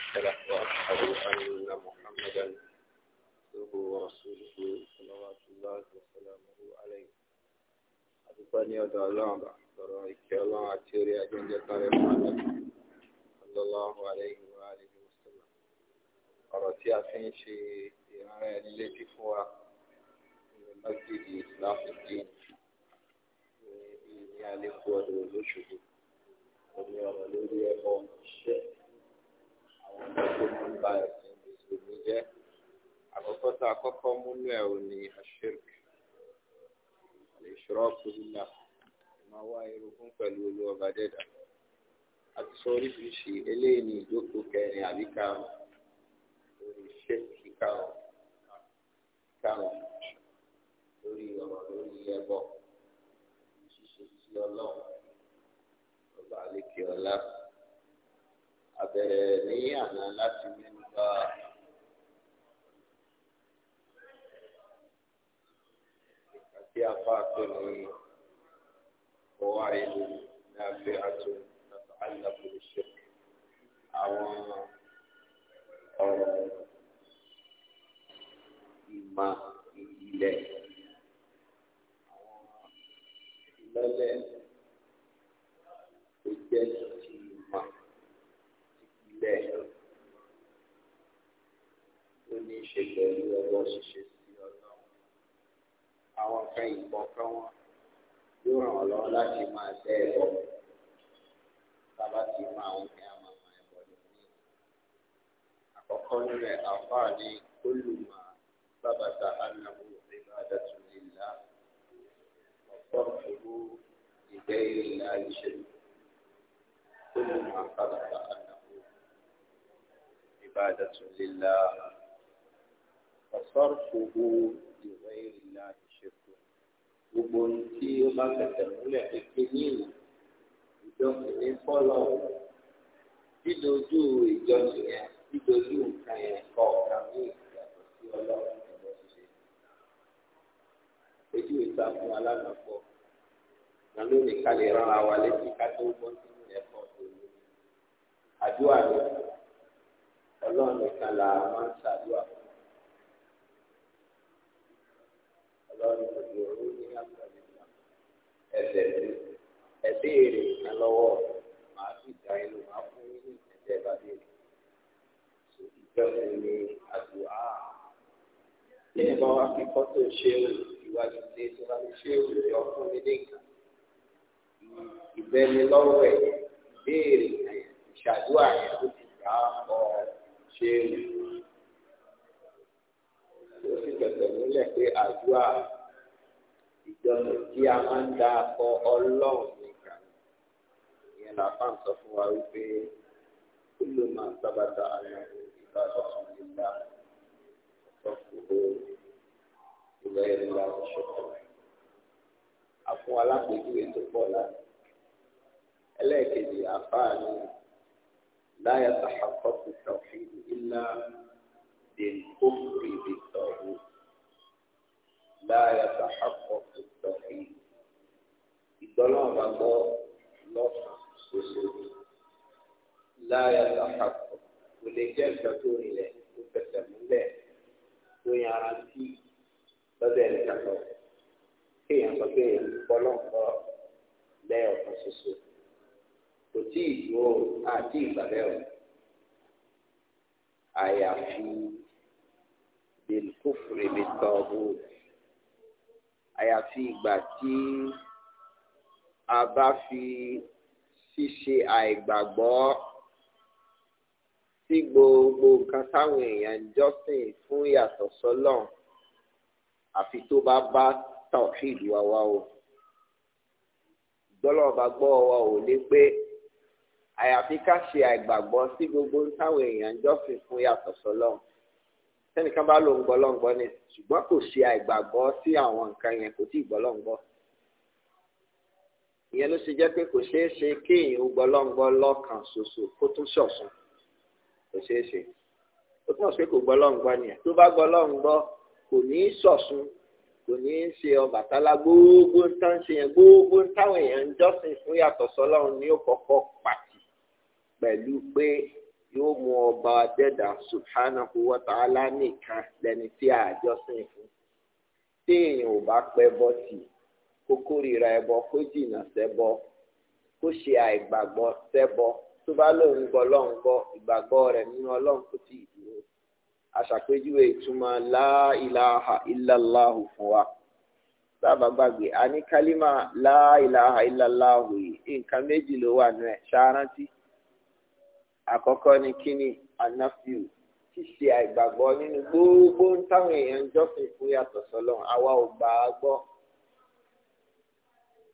شريك له وأشهد أن محمدا عبده ورسوله صلوات الله وسلامه عليه adúpẹ́ ní ọ̀dọ̀ ọlọ́run bá sọ̀rọ̀ ìkẹ́ ọlọ́run àti orí ajẹ́jẹ́ kárẹ́ fún àlọ́kù ọlọ́lọ́run àlẹ́yìn wa àlejò sọ̀rọ̀ ọ̀rọ̀ tí a fi ń ṣe ìrànlẹ́ ẹni létí fún wa ní mọ́gìdì láfíìdì ní ilé àlékún ọdún olóṣogbo omi ọ̀rọ̀ lórí ẹ̀kọ́ ṣẹ́ tó ń ba ẹ̀sìn mùsùlùmí jẹ́ àkọ́kọ́ tá a kọ́kọ́ múnú ẹ̀ ò ní àṣírk ìṣòro billah máa wá irúgbìn pẹ̀lú olú ọba dẹ́dà àti sọ oríṣiríṣi eléyìí ní ìjókòó kẹrin àbí karùn-ún lórí ṣéèkì karùn-ún lórí ọ̀rọ̀ lórí ẹbọ ṣíṣe sí ọlọ́run ọba àlékè ọlá abẹ̀rẹ̀ ní àná láti mẹ́nu bá àti apá pé ní ọwọ́ ìlú ní abẹ́ àtò nàfà alábòlùṣẹ́ àwọn ọ̀rọ̀ ìmọ̀ ìlẹ̀ àwọn ìlọ́lẹ̀ tó jẹ́ bẹ́ẹ̀ ó ní í ṣe pẹ̀lú ọwọ́ ṣíṣe sí ọlọ́run àwọn kan ìbọn kan wọn yóò ràn ọ́ lọ́wọ́ láti máa tẹ́ ẹ bọ́ bàbá ti máa ń kí a máa máa ẹ bọ́ lónìí àkọ́kọ́ nínú ẹ̀ àfáà ní olùmọ̀ bàbàtà ànàmú ìbádàtú lílá ọ̀pọ̀ òkú ìgbẹ́ ìlà ìṣẹ̀lẹ̀ olùmọ̀ bàbàtà ànàmú. عبادة لله وصرفه لغير الله شرك gbogbo ní tí ó bá fẹsẹ̀ múlẹ̀ pípé ní ìjọsìn ní fọ́lọ́ dídojú ìjọsìn yẹn dídojú nǹkan yẹn kọ́ ọ̀gá ní ìyàtọ̀ sí ọlọ́run ìjọba ṣíṣe. ojú ìta fún alágbàpọ̀ náà lónìí ká lè rán ara wa létí ká tó gbọ́ sínú ẹ̀kọ́ tó lónìí. àdúrà lónìí ọlọ́run nìkan là máa ń ṣàdúrà fún ọlọ́run kò lè rú ní àpẹẹrẹ náà ẹsẹ̀ mi ẹ̀dẹ́ èrè kan lọ́wọ́ màá sì dá inú máa fún yín ní ìtẹ̀jẹ́ bá dé rè ìjọsìn ni àdúrà ní ìbọn akẹ́kọ̀ọ́ tó ṣe é ìwádìí ṣe tó bá ti ṣe é ọkùnrin ní nǹkan ìbẹ́ni lọ́wọ́ ẹ̀ béèrè ìṣàdúrà yẹn tó ti gbà á pọ̀ ọ́ ṣe ó sì tẹ̀sẹ̀ múlẹ̀ pé àdúrà ìjọsìn tí a máa ń dá akọ ọlọ́run nìkan ìyẹn làpá ń sọ fún wa wípé ó ló máa sábàtà àwọn ìgbà tuntun nígbà ọkùnrin ìwé ìlà ìṣòkò àfún alápèjúwe tó pọ̀ láti ẹlẹ́ẹ̀kejì àfáà ni. لا يتحقق التوحيد إلا بالكفر بالطاغوت لا يتحقق التوحيد الضلال الله لفظ وسوء لا يتحقق ولجل تكون له وتسمى له ويعرفي بدل تكون كي ينبغي الضلال لا يتحقق kò tí ì tó àti ìgbàlẹ́ o àyàfi bínkúfúri bí tọ́bù àyàfi ìgbà tí a bá fi ṣíṣe àìgbàgbọ́ sí gbogbo nǹkan táwọn èèyàn jọ́sìn fún yàtọ̀ sọ́lọ́n àfi tó bá bá tọ̀hìd wá wá o gbọ́lọ́ọ̀bá gbọ́ wa ò lé pé àyàfi ká ṣe àìgbàgbọ́ sí gbogbo táwọn èèyàn jọ́sìn fún yàtọ̀ sọlọ́run sẹ́nìkan bá lòun gbọ́ lọ́n ni ṣùgbọ́n kò ṣe àìgbàgbọ́ sí àwọn nǹkan yẹn kò tíì gbọ́ lọ́n gbọ́ ìyẹn ló ṣe jẹ́ pé kò ṣeé ṣe kéèyàn gbọ́ lọ́n gbọ́ lọ́kàn ṣoṣo kó tún ṣọ̀sùn kò ṣeé ṣe ó túmọ̀ sí pé kò gbọ́ lọ́n gbọ́ tó bá gbọ́ lọ́n kò ní í ṣọ̀sùn kò ní í ṣe Ọbàtálá gbogbo ń tán ṣe yẹn gbogbo ń táwọn èèyàn ń jọ́sìn fún yàtọ̀ sọ́lọ́run ní ó kọ́kọ́ pàt pẹ̀lú pé yóò mú ọba dẹ́dà subhanahu wa ta'ala nìkan lẹni tí a jọ́sìn fún tí èèyàn ò bá pẹ́ bọ́ tì kó kórìíra ẹbọ kó jìnnà sẹ́bọ kó ṣe àìgbàgbọ́ sẹ́bọ tó bá lóun gbọ́ gbọ́ ìgbàgbọ́ ilaha fún wa sábà gbàgbé a ní ilaha yìí nǹkan méjì ló wà nù àkọ́kọ́ ni kíni anafiu ṣíṣe àìgbàgbọ́ nínú gbogbo ń táwọn èèyàn ń jọ́sìn fún yàtọ̀ sọ́lọ́run àwa ò gbà á gbọ́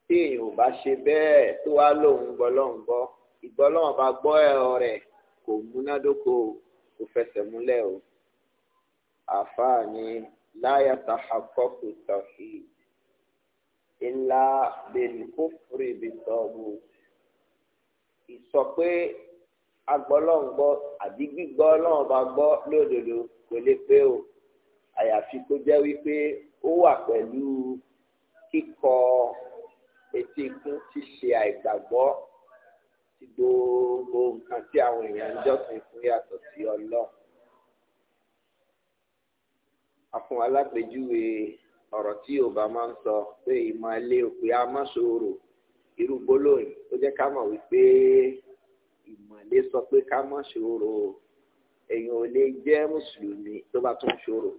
tí èèyàn ò bá ṣe bẹ́ẹ̀ tó wá lòun gbọ́ lọ́hùn gbọ́ ìgbọ́ bá gbọ́ ẹ̀rọ rẹ̀ kò múnádóko kò fẹsẹ̀ múlẹ̀ o àfáà ni láyà tàhàkọ́kù tàfí ńlá bẹ̀lú kófìrì bìtọ́gù ìsọ pé agbọ́lọ́ngbọ́ àbí gbígbọ́ ọlọ́run bá gbọ́ lódodo kò lè pé o àyàfi kó jẹ́ wípé ó wà pẹ̀lú kíkọ etí ikún ṣíṣe àìgbàgbọ́ ti gbogbo nǹkan tí àwọn èèyàn ń jọ́sìn fún yàtọ̀ sí ọlọ́run. afún alápèjúwe ọ̀rọ̀ tí yorùbá máa ń sọ pé ìmọ̀ ilé òpè amásòrò irú gbólóyìn ó jẹ́ ká mọ̀ wípé ìmọ̀lé sọ pé ká mọ̀ ṣòro èèyàn ò lè jẹ́ mùsùlùmí tó bá tún ṣòro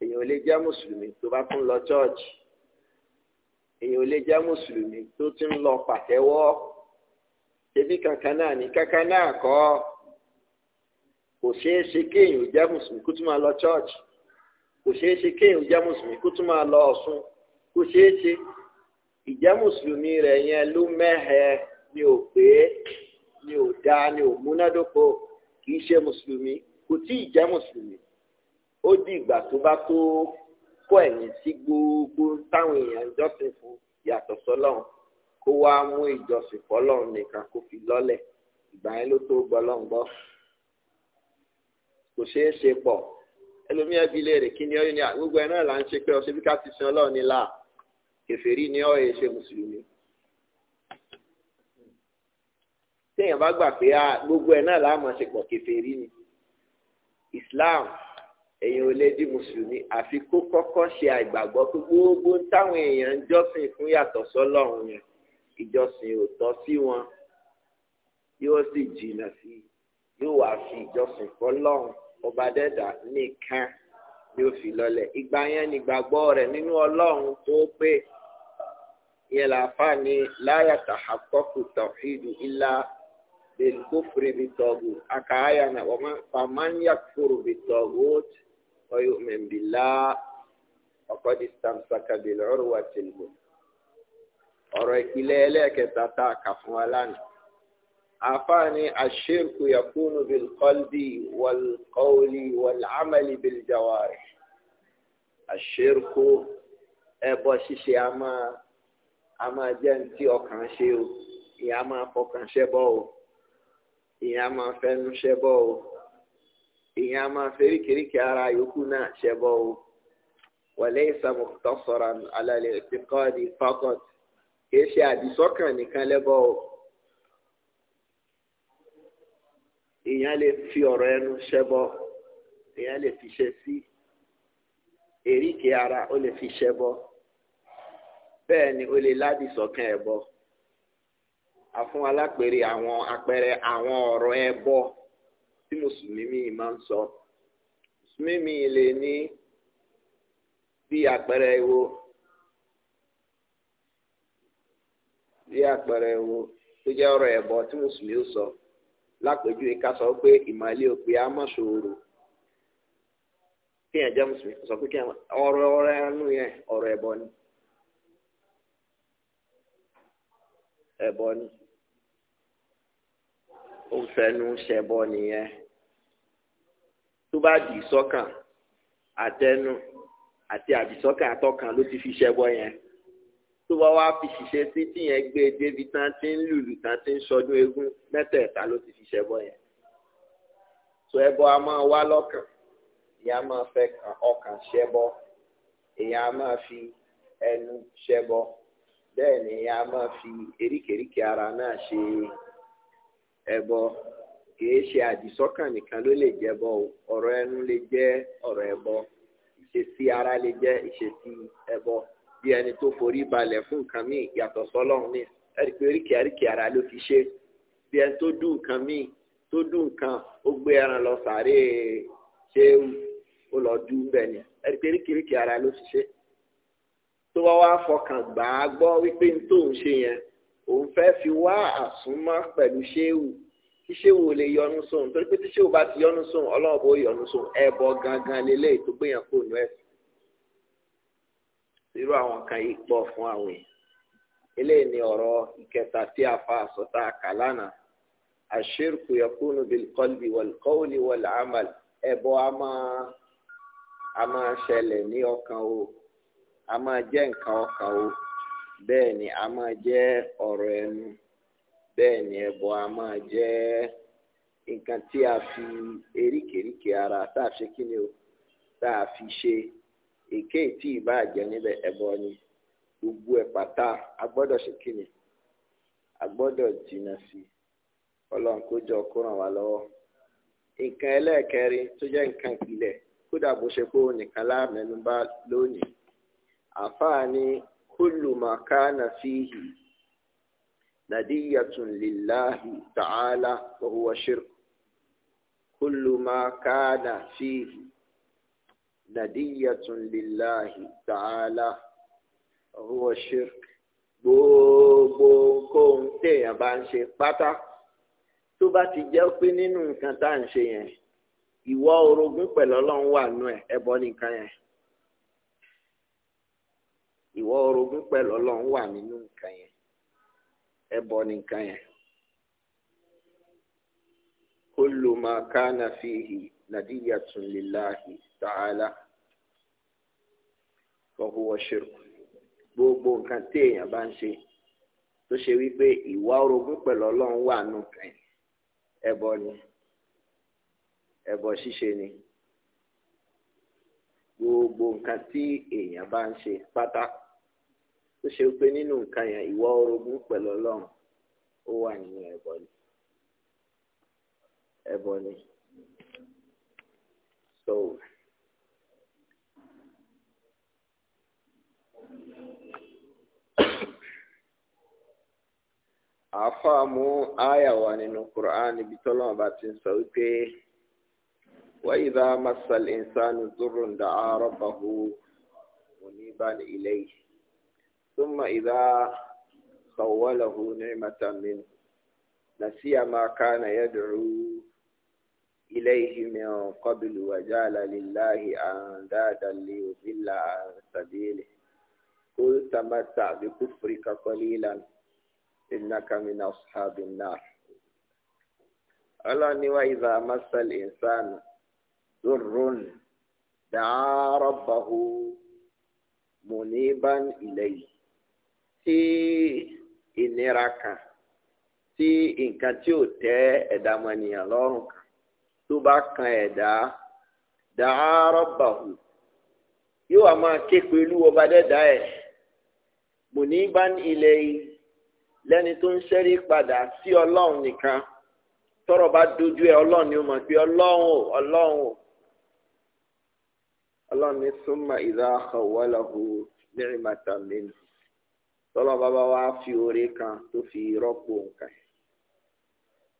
èèyàn ò lè jẹ́ mùsùlùmí tó bá tún lọ chọ́ọ̀chì èèyàn ò lè jẹ́ mùsùlùmí tó ti ń lọ pàtẹ́wọ́ ṣebí kankan náà ní kankan náà kọ́ kò ṣeé ṣe kéèyàn jẹ́ mùsùlùmí kó tún máa lọ chọ́ọ̀chì kò ṣeé ṣe kéèyàn jẹ́ mùsùlùmí kó tún máa lọ ọ̀ṣun kò ṣeé ṣe ìjẹ́ mùsùlùmí rẹ̀ yẹn ló mẹ́hẹ̀ẹ́ ni ò pé ni ò dáa ni ò múnádóko kì í ṣe mùsùlùmí kò tí ì jẹ́ mùsùlùmí ó di ìgbà tó bá tó kó ẹ̀yìn sí gbogbo táwọn èèyàn jọ́sìn fún yàtọ̀ sọ́lọ́run kó wá mú ìjọsìn fọ́lọ́run nìkan kó fi lọ́lẹ̀ ìgbà yẹn ló tó gbọ́lọ́run gbọ́ kò ṣeé ṣe pọ̀ ẹlòmí ẹbí léèrè kí ni ọyún ni gbogbo náà là ń ṣe pé ọṣẹ ti sin Ọlọ́run ni là kèfèrí ni ọ yẹ ṣe mùsùlùmí téèyàn bá gbà pé ah, gbogbo ẹ̀ náà láàmú ṣepọ̀ kèfèrí ni Islam èèyàn ò lè di mùsùlùmí àfi kó kọ́kọ́ ṣe àìgbàgbọ́ pé gbogbo táwọn èèyàn ń jọ́sìn fún yàtọ̀ sọ́lọ́run yẹn ìjọsìn ò tọ́ sí wọn yóò sì jìnnà sí yóò wá fi ìjọsìn fọ́lọ́run ọba dẹ́dà nìkan ni ó fi lọ́lẹ̀ ìgbà yẹn nígbàgbọ́ rẹ̀ nínú ọlọ́run tó pé yẹn làáfàá ni láyàtà àkọ́kù tọ̀hídù ilá بالكفر بالطاغوت أكايانا وما فمن يكفر بالطاغوت ويؤمن بالله فقد استمسك بالعروة الوثقى ọ̀rọ̀ ìpìlẹ̀ ẹlẹ́ẹ̀kẹta tá a kà fún wa lánàá àfáàní àṣírkù yakunu bilkọlbi wàlkọ́ọ̀lì wàlámàlì biljawari àṣírkù ẹbọ ṣíṣe a máa jẹ́ ní tí ọkàn ṣe o ìyá máa fọkàn ṣẹbọ o èèyàn máa fẹnu ṣẹbọ o èèyàn máa feríkèríkè ara yòókù náà ṣẹbọ o walaysa muqtasaran ala al-i'tiqadi faqat kìí ṣe àdìsọ́kàn nìkan lẹ́bọ o èèyàn lè fi ọ̀rọ̀ ẹnu ṣẹbọ èèyàn lè fi ṣe sí èríkè ara ó lè fi ṣẹbọ bẹ́ẹ̀ ni ó lè ládìsọ́kàn ẹbọ. Afun alapere àwọn apere àwọn ọ̀rọ̀ ebo tí musulmi míì ma ń sọ musulmi míì lè ní bí àpẹẹrẹ wo bí jẹ́ ọ̀rọ̀ ẹbọ tí musulmi sọ lápèjúwe sọ pé òpè pé ó fẹnu ṣẹbọ nìyẹn tó bá dì í sọ́kàn àtẹnu àti àdìsọ́kàn àtọkàn ló ti fi ṣẹbọ yẹn tó bá wá fi ṣiṣẹ́ títí yẹn gbé e débi tán ti ń lùlù tán ti ń sọdún eégún mẹ́tẹ̀ẹ̀ta ló ti fi ṣẹbọ yẹn tó ẹbọ a máa wá lọ́kàn ìyá máa fẹ́ ọkàn ṣẹbọ ìyá máa fi ẹnu ṣẹbọ bẹ́ẹ̀ ni ìyá máa fi eríkèéríkèé ara náà ṣe é. ẹbọ kìí ṣe àdìsọ́kàn nìkan ló lè jẹbọ ọ̀rọ̀ ẹnu lè jẹ́ ọ̀rọ̀ ìṣesí ara lè jẹ́ ìṣesí ẹbọ bí ẹni tó forí balẹ̀ fún nǹkan míì yàtọ̀ sọ́lọ́run ní ẹ̀rí pé ara ló fi ṣe bí ẹni tó dùn nǹkan míì tó dùn nǹkan ó gbé ẹran lọ sàárè ó lọ dùn òun fẹ́ fi wá àsúnmọ́ pẹ̀lú ṣéwù kí ṣéwù lè yọnu sóun torí pé tí ṣéwù bá ti yọnu sóun ọlọ́run bó yọnu sóun ẹbọ gangan lélẹ́yìí tó gbéyàn kó nu ẹ̀sìn irú àwọn kan yìí pọ̀ fún àwìn eléyìí ni ọ̀rọ̀ ìkẹta tí a fa àsọta kàlánà àṣírkù yakunu bilqalbi walqawli walamal ẹbọ a máa a máa ṣẹlẹ̀ ní ọkàn o a máa jẹ́ nǹkan ọkàn o bẹ́ẹ̀ ni a máa jẹ́ ọ̀rọ̀ ẹnu bẹ́ẹ̀ ni ẹbọ a máa jẹ́ nǹkan tí a fi eríkèríkè ara tá a ṣe kí ni o tá a fi ṣe èké tí ìbá jẹ níbẹ̀ ẹbọ ni gbogbo ẹ̀ pátá a gbọ́dọ̀ ṣe kí ni a gbọ́dọ̀ jìnnà sí ọlọ́run kó jọ kó ràn wá lọ́wọ́ nǹkan ẹlẹ́ẹ̀kẹrin tó jẹ́ nǹkan ìpìlẹ̀ kódà bó ṣe pé òun nìkan láàmẹ́nubá lónìí àfáà ni كل ما كان فيه ندية لله تعالى وهو شرك كل ما كان فيه ندية لله تعالى وهو شرك gbogbo kóhun téèyàn bá ń ṣe pátá tó bá ti jẹ́ pé nínú nǹkan tá à ń ṣe yẹn ìwọ orogún pẹ̀lú ọlọ́run wà nú ẹ̀ ẹbọ nìkan yẹn ìwọ orogún pẹ̀lú ọlọ́run wà nínú nǹkan yẹn ẹbọ ni nǹkan yẹn kullu ma kana fihi nadiyatun lillahi ta'ala fa huwa shirk gbogbo nǹkan tí èèyàn bá ń ṣe tó ṣe wípé ìwà orogún pẹ̀lú ọlọ́run wà nù nǹkan yẹn ẹbọ ni ẹbọ ṣíṣe ni gbogbo nǹkan tí èèyàn bá ń ṣe pátá tó ṣe pé nínú nǹkan yẹn ìwọ orogún pẹ̀lú ọlọ́run ó wà nínú ẹbọ ni ẹbọ ni so. àáfàá mú nínú Qur'an ibi tọ́lọ́mọ bá ti ń sọ wípé وإذا مس الإنسان ضر دعا ربه منيبا إليه ثم إذا خوله نعمة منه نسي ما كان يدعو إليه من قبل وجعل لله أندادا ليضل عن سبيله قل تمتع بكفرك قليلا إنك من أصحاب النار ألا وإذا مس الإنسان ضر دعا ربه منيبا إليه tí ìnira kan tí nǹkan tí ò tẹ́ ẹ̀dá mọ̀nìyàn lọ́rùn kan tó bá kan ẹ̀dá dàárọ̀ bàhù yóò wá máa ké pẹ̀lú ọba dẹ́dá ẹ̀ mùníbán ilẹ̀ yìí lẹ́ni tó ń ṣẹ́rí padà sí ọlọ́run nìkan tọrọ bá dojú ẹ ọlọ́run ni ó mọ̀ pé ọlọ́run ọlọ́run ọlọ́run ní súnmọ́ ìlà àwọ̀lọ́hù nírìmàtà mẹ́nu tọ́lọ́ bàbá wa fi oore kan tó fi rọ́pò nǹkan ẹ̀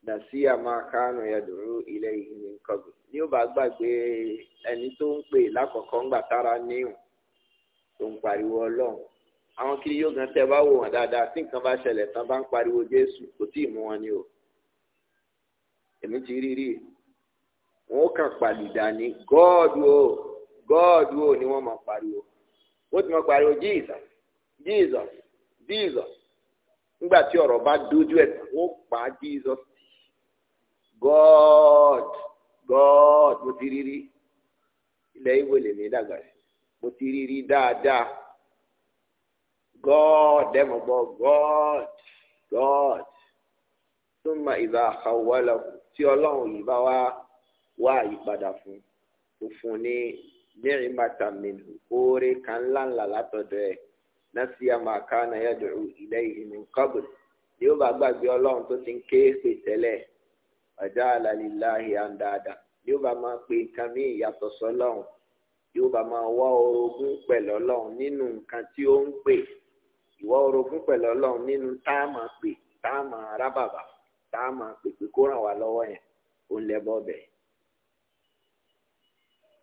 nàṣíyà máa kánú ẹ̀dùnrún ilẹ̀ yìí ní kọ́gbìn ní ó bá gbàgbé ẹni tó ń pè lákọ̀ọ́kọ́ ńgbà tára níhùn tó ń pariwo ọlọ́run àwọn kiri yóò gan tẹ́ bá wò wọ́n dáadáa tí nǹkan bá ṣẹlẹ̀ tán bá ń pariwo jésù kò tí ì mú wọn ni o èmi ti rí rí wọn ó kàn pàlùdà ní gọ́ọ̀dù o gọ́ọ̀dù o ni wọ́n máa pariwo wọ́n ti máa pariwo jesus jesus Jesus nígbà tí ọ̀rọ̀ bá dójú ẹ̀ wọ́n pa Jesus God God mo ti rírí ilẹ̀ ìwé lèmi dàgbà sí mo ti rírí dáadáa God ẹ̀ mọ̀ gbọ́ God God súnmọ́ ìlà àwọ̀lọ̀ tí ọlọ́run yìí bá wá wá àyípadà fún kò fún ní mẹ́rin bàtà mi oore kan ńláńlá látọ̀dọ̀ ẹ̀ nasiya ma kana yad'u ilayhi min qabl ni ó bá gbàgbé ọlọ́run tó ti ń ké pè tẹ́lẹ̀ ja'ala lillahi andada ni ó bá máa pe nǹkan míì yàtọ̀ sọ́lọ́run ni ó bá máa wá orogún pẹ̀lú ọlọ́run nínú nǹkan tí ó ń pè ìwá orogún pẹ̀lú ọlọ́run nínú tá a máa pè tá a máa rábàbà tá a máa pè pé kó ràn wá lọ́wọ́ yẹn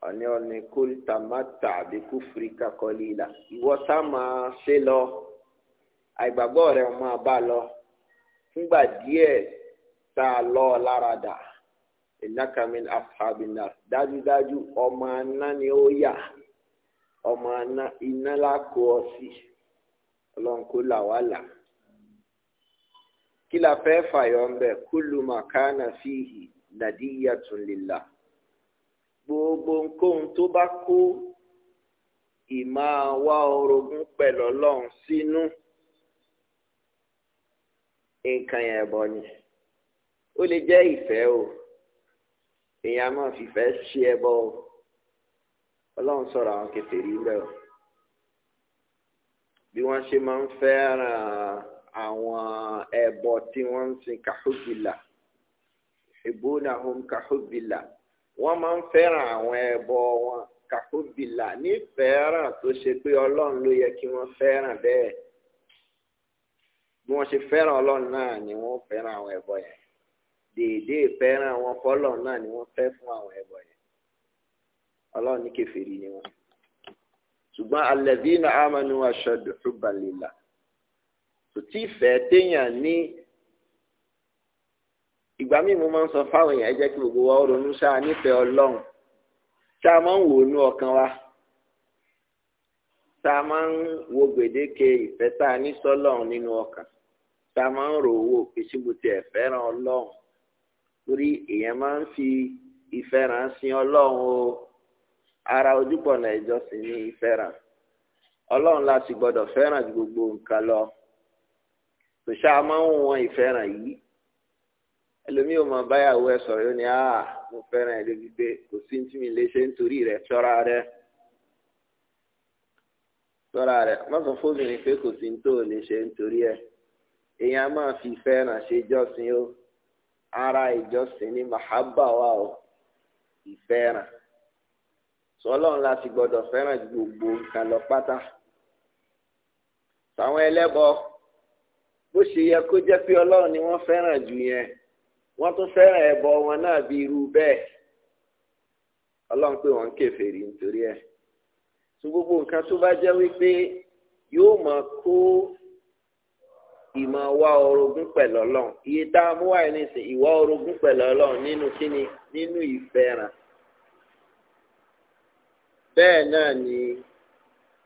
ọ̀ní ọ̀ní kólítàmátà àbí kúfìríkà kọ́lílà ìwọ sá máa ṣe lọ àìgbàgbọ́ rẹ̀ máa bá lọ fúngbà díẹ̀ tá a lọ lára dà ìnákàmí àfàbìnà dájúdájú ọmọ aná ni ó yà ọmọ aná iná lákò ọ sí ọlọ́run kó là wá là kí la fẹ́ fàyọ̀ ń bẹ̀ kúlùmọ̀ kánà fíhì nàdíyàtùn lillah gbogbo ohunkóhun tó bá kó ìmáa wá orogún pẹ̀lú ọlọ́run sínú nǹkan yẹn bọ̀ ni ó lè jẹ́ ìfẹ́ o èèyàn máa fìfẹ́ ṣe ẹbọ o ọlọ́run sọ̀rọ̀ àwọn kèfèrí bẹ́ẹ̀ o bí wọ́n ṣe máa ń fẹ́ràn àwọn ẹbọ tí wọ́n ń sin kàhóbìlà ìbónà hom wọ́n máa ń fẹ́ràn àwọn ẹbọ wọn kàkóbìlà nífẹ̀ẹ́ràn tó ṣe pé ọlọ́run ló yẹ kí wọ́n fẹ́ràn bẹ́ẹ̀ bí wọ́n ṣe fẹ́ràn ọlọ́run náà ni wọ́n fẹ́ràn àwọn ẹbọ yẹn dèédéé fẹ́ràn wọn fọlọ́run náà ni wọ́n fẹ́ fún àwọn ẹbọ yẹn ọlọ́run ní kèfèrí ni wọ́n ṣùgbọ́n alladhina amanu ashaddu hubban lillah tó tí ìfẹ́ téèyàn ní ìgbà míì mo máa ń sọ fáwọn èèyàn ẹ jẹ́ kí gbogbo wa ó ronú sáà nífẹ̀ẹ́ ọlọ́run tá a máa ń wò nú ọkàn wa tá a máa ń wo gbèdéke ìfẹ́ tá a ní sọ́lọ́run nínú ọkàn tá a máa ń rò owó pèsèbùtì ẹ̀fẹ́ràn ọlọ́run torí èèyàn máa ń fi ìfẹ́ràn sin ọlọ́run o ara ojúbọ̀nà ìjọsìn ní ìfẹ́ràn ọlọ́run la sì gbọ́dọ̀ fẹ́ràn ju gbogbo nǹkan lọ tòṣà máa ń wọn ìfẹ́ràn yìí ẹlòmíì ò mọ báyàwó ẹ sọ̀rọ̀ yóò ní à mo fẹ́ràn ẹ débi pé kò sí tí mi lè ṣe nítorí rẹ ṣọ́ra rẹ ṣọ́ra rẹ má sọ fóbìnrin pé kò sí tó lè ṣe nítorí ẹ èèyàn máa fi fẹ́ràn ṣe jọ́sìn o ara ìjọsìn ní mahaba wa o ìfẹ́ràn sọlọ́run la ti gbọ́dọ̀ fẹ́ràn gbogbo nǹkan lọ pátá tàwọn ẹlẹ́bọ bó ṣe yẹ kó jẹ́ pé ọlọ́run ni wọ́n fẹ́ràn jù yẹn wọ́n tún fẹ́ràn ẹbọ wọn náà bí irú bẹ́ẹ̀ ọlọ́run pé wọ́n ń kèfèrí nítorí ẹ̀ tó gbogbo nǹkan tó bá jẹ́ wípé yóò máa kó ìmọ̀ wá orogún pẹ̀lú ọlọ́run iye tá a mú wáyé nìsín ìwà orogún pẹ̀lú ọlọ́run nínú kíni nínú ìfẹ́ràn bẹ́ẹ̀ náà ni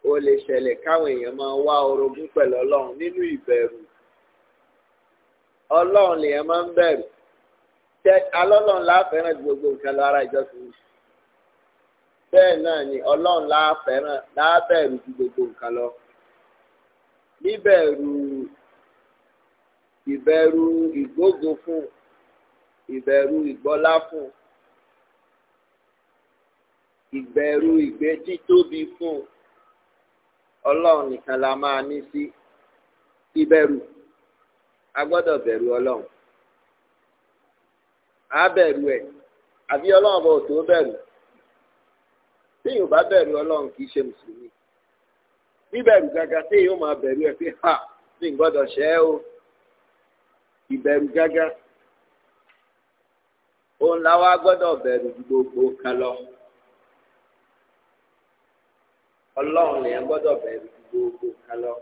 ó lè ṣẹlẹ̀ káwọn èèyàn máa wá orogún pẹ̀lú ọlọ́run nínú ìbẹ̀rù ọlọ́run lèèyàn máa ń bẹ̀rù tẹ alọ́lọ́run la fẹ́ràn ju gbogbo nǹkan lọ ara ìjọsìn yìí bẹ́ẹ̀ náà ni ọlọ́run la fẹ́ràn la bẹ̀rù ju gbogbo nǹkan lọ níbẹ̀rù ìbẹ̀rù ìgbógun fún ìbẹ̀rù ìgbọ́lá fún ìbẹ̀rù ìgbé títóbi fún ọlọ́run nìkan la máa ní sí ìbẹ̀rù a gbọ́dọ̀ bẹ̀rù ọlọ́run á bẹ̀rù ẹ̀ àbí ọlọ́run bọ̀ tó bẹ̀rù tí yóò bá bẹ̀rù ọlọ́run kì í ṣe mùsùlùmí bíbẹ̀rù gàgà tí yóò máa bẹ̀rù ẹ̀ pé ha ní gbọ́dọ̀ ṣẹ́ o ìbẹ̀rù gàgà òun làwa gbọ́dọ̀ bẹ̀rù gbogbo kan lọ ọlọ́run lèèyàn gbọ́dọ̀ bẹ̀rù gbogbo kan lọ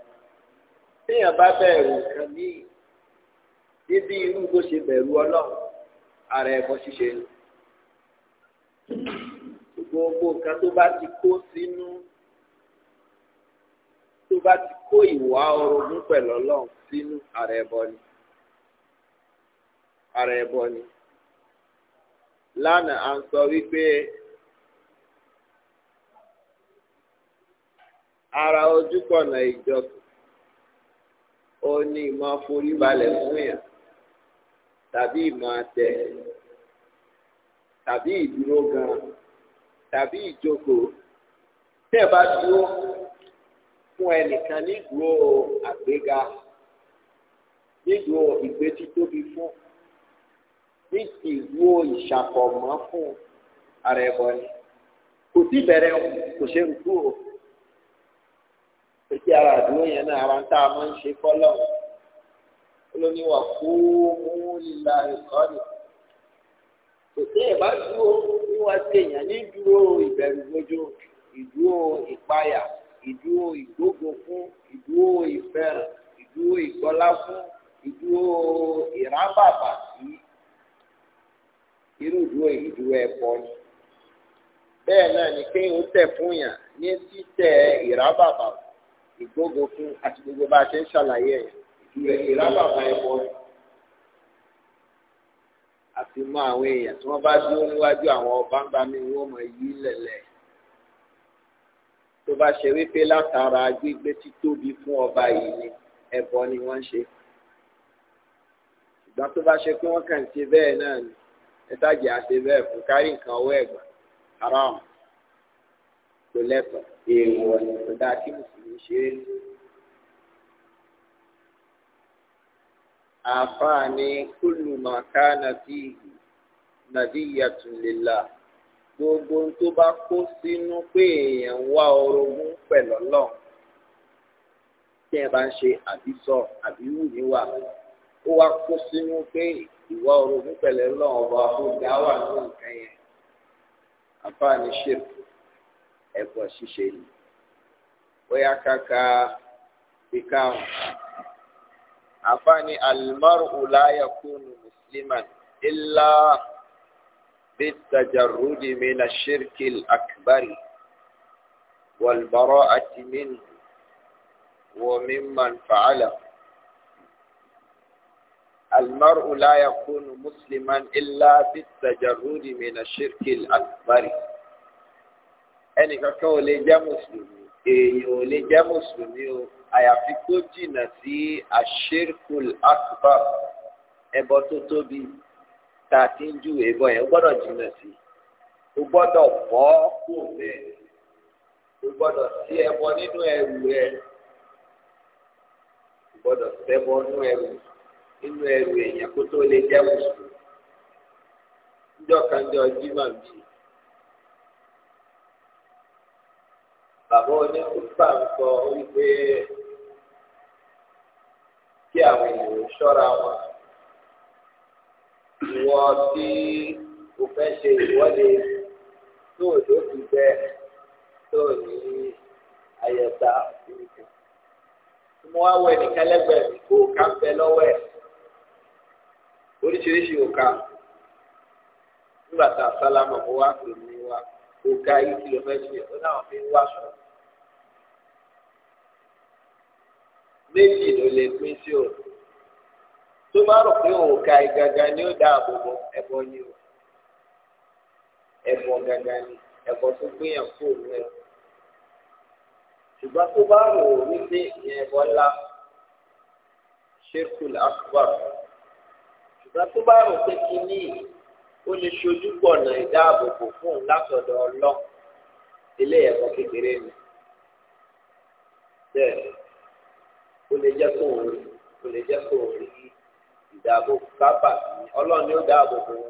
téèyàn bá bẹ̀rù nǹkan míì níbi irú bó ṣe bẹ̀rù ọlọ́run ara ẹbọ ṣíṣe gbogbo nǹkan tó bá ti kó sínú tó bá ti kó ìwà orogún pẹ̀lú ọlọ́run sínú ara ẹbọ ni ara ẹbọ ni lánàá à ń sọ wípé ara ojúkọ̀nà ìjọsìn ó ní ìmọ̀ foríbalẹ̀ fún yàn tàbí ìmọ̀ àtẹ̀ tàbí ìdúró gan tàbí ìjókòó tẹ́ ẹ bá dúró fún ẹnìkan nídùú àgbéga nídùú ìgbésítóbi fún ní ìdúró ìṣàkọ̀mọ́ fún ara ẹ̀bọ ni kò sí bẹ̀rẹ̀ kò ṣe rúkú o pèsè ara àdúró yẹn náà ara ń tá a máa ń ṣe fọ́lọ́run lóní wà kó mú lílà ẹ̀kọ́ rẹ̀. kò sí ẹ̀ bá dúró níwá sí èèyàn ní dúró ìbẹ̀rù gbójú ìdúró ìpayà ìdúró ìgbógun fún ìdúró ìfẹ́ràn ìdúró ìgbọ́lá fún ìdúró ìrábàbà sí irú ìdúró ìdúró ẹ̀pọ̀ ni. bẹ́ẹ̀ náà ni kéèyàn tẹ̀ fún yàn ní títẹ̀ ìrábàbà ìgbógun fún àti gbogbo bá a ṣe ń ṣàlàyé ẹ̀yàn ìrá bàbá ẹ̀bọ rẹ̀ àti mọ àwọn èèyàn tí wọ́n bá dúró níwájú àwọn ọba ń gbà mí wọ́n mọ̀ yí lẹ̀lẹ̀ tó bá ṣe wípé látara gbígbé títóbi fún ọba yìí ni ẹ̀bọ ni wọ́n ń ṣe ṣùgbọ́n tó bá ṣe pé wọ́n kàn ṣe bẹ́ẹ̀ náà ni ẹ̀dájì àṣe bẹ́ẹ̀ fún kárí nǹkan ọwọ́ ẹ̀gbà haram kò lẹ́tọ̀ọ́ èèwọ̀ ni kò dáa kí mùsùlùmí ṣe é. àfààní kúlù màkánà bíi nàdíyàtù lillah gbogbo tó bá kó sínú pé èèyàn ń wá orogún pẹ̀lú ọlọ́run tí ẹ bá ń ṣe àbí sọ àbí wù níwà ó wá kó sínú pé ìwà orogún pẹ̀lú ọlọ́run ọba tó wà ní nǹkan yẹn àfààní ṣèlú ẹ̀bọ̀ ṣíṣe ni bóyá kàkà bí àfáàní almaru la yakunu musliman illa bitajarrudi min ashirki al-akbari wal bara'ati minhu wa mimman fa'ala المرء لا يكون مسلما إلا بالتجرد من الشرك الأكبر أنك يعني كولي جا مسلم èèyàn ò lè jẹ́ mùsùlùmí o àyàfi kó jìnnà sí àṣírkùl akbar ẹbọ tó tóbi tá a ti ń ju ẹbọ yẹn ó gbọ́dọ̀ jìnnà sí ó gbọ́dọ̀ bọ́ kó bẹ́ẹ̀ ó gbọ́dọ̀ sí ẹbọ nínú ẹrù rẹ ó gbọ́dọ̀ sẹ́bọ nínú ẹrù nínú ẹrù èèyàn kó tó lè jẹ́ mùsùlùmí. Njọ́ kan jọ Jimá bíi. bàbá oníkùtà ń sọ wípé kí àwọn èèyàn ṣọ́ra wọn ìwọ tí o fẹ́ ṣe ìwọ́de tó o ló fi bẹ́ẹ̀ tó o ní àyẹ̀dá òkú. mo wá wọ ẹnìkan lẹ́gbẹ̀ẹ́ mi kó o ká ń bẹ lọ́wọ́ ẹ̀ oríṣiríṣi òkà nígbà tá a sálámà mo wá pè mí wá òkà yìí kìlómẹ́tì ó náà fi ń wá sọ̀rọ̀. méjì ló lè pín sí o tó bá rò pé òǹkà ìgàgà ni ó dáàbò bò ẹbọ ni o ẹbọ gàgà ni ẹbọ tó gbéyàn kó o lẹ ṣùgbọ́n tó bá rò ó wípé ìyẹn ẹbọ ńlá ṣékùl akbar ṣùgbọ́n tó bá rò pé kínní ó lè ṣojú gbọ̀nà ìdáàbòbò fún un látọ̀dọ̀ ọlọ́ ilé ẹ̀kọ́ kékeré mi bẹ́ẹ̀. ó lè jẹ́ kó o rí lè jẹ́ kó o rí ìdáàbò kábà ọlọ́run ni ó dáàbò bò o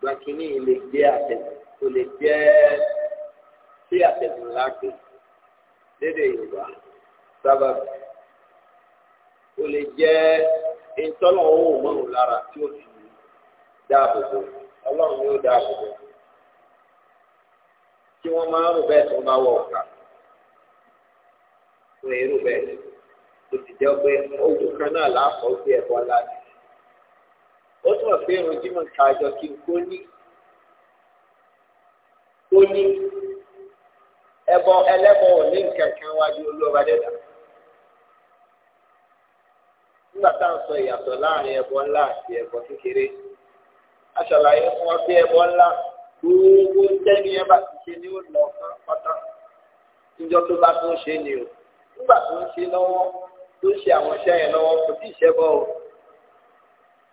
ṣùgbọ́n lè jẹ́ àtẹ̀gùn ó lè jẹ́ sí àtẹ̀gùn lágbè lédè Yorùbá sábà ó lè jẹ́ ìtọ́lọ̀ owó mọ́rùn lára tí ó ni ó wọ́n máa ń rò bẹ́ẹ̀ tó bá fún irú bẹ́ẹ̀ ó ti jẹ́ pé owó kan náà láàpọ̀ sí ẹ̀bọ aláàbí ó túmọ̀ pé irun jímọ̀ kájọ kí n kó ní kó ní ẹbọ ẹlẹ́bọ ò ní nǹkan kan wájú olóba dẹ́dà nígbà tá à ń sọ ìyàtọ̀ láàrin ẹbọ ńlá àti ẹbọ kékeré a fún wa pé ẹbọ ńlá gbogbo tẹ́ni ẹ bá ti ṣe ni ó lọ kán pátá níjọ́ tó bá tó ń ṣe ni o nígbà tó ń ṣe lọ́wọ́ tó ṣe àwọn iṣẹ́ yẹn lọ́wọ́ kò tí ì ṣẹbọ o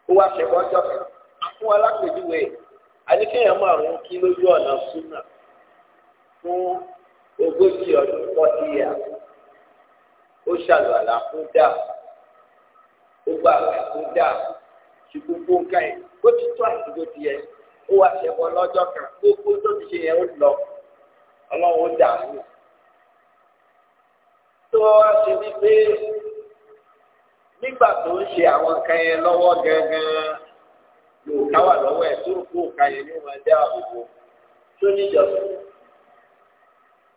ó wá ṣẹbọ ọjọ́ kan fún alápèjúwe àníkéèyàn márùn-ún kí lójú ọ̀nà súnà fún ogójì ọdún pọ́tí yà ó ṣàlùwàlà fún dà ó gbà àwẹ̀ fún dà ṣùgbọ́n gbóǹkà yẹn bó ti tó àdúgbò ti yẹ ó wá ṣẹbọ lọ́jọ́ kan gbogbo tó ti ṣe yẹn ó lọ ọlọ́run ó dà á nù wá ṣe wípé nígbà tó ń ṣe àwọn kan yẹn lọ́wọ́ gangan yóò ká wà lọ́wọ́ ẹ̀ tó kó kan yẹn ní wọn dá àbùkù tó níjọsìn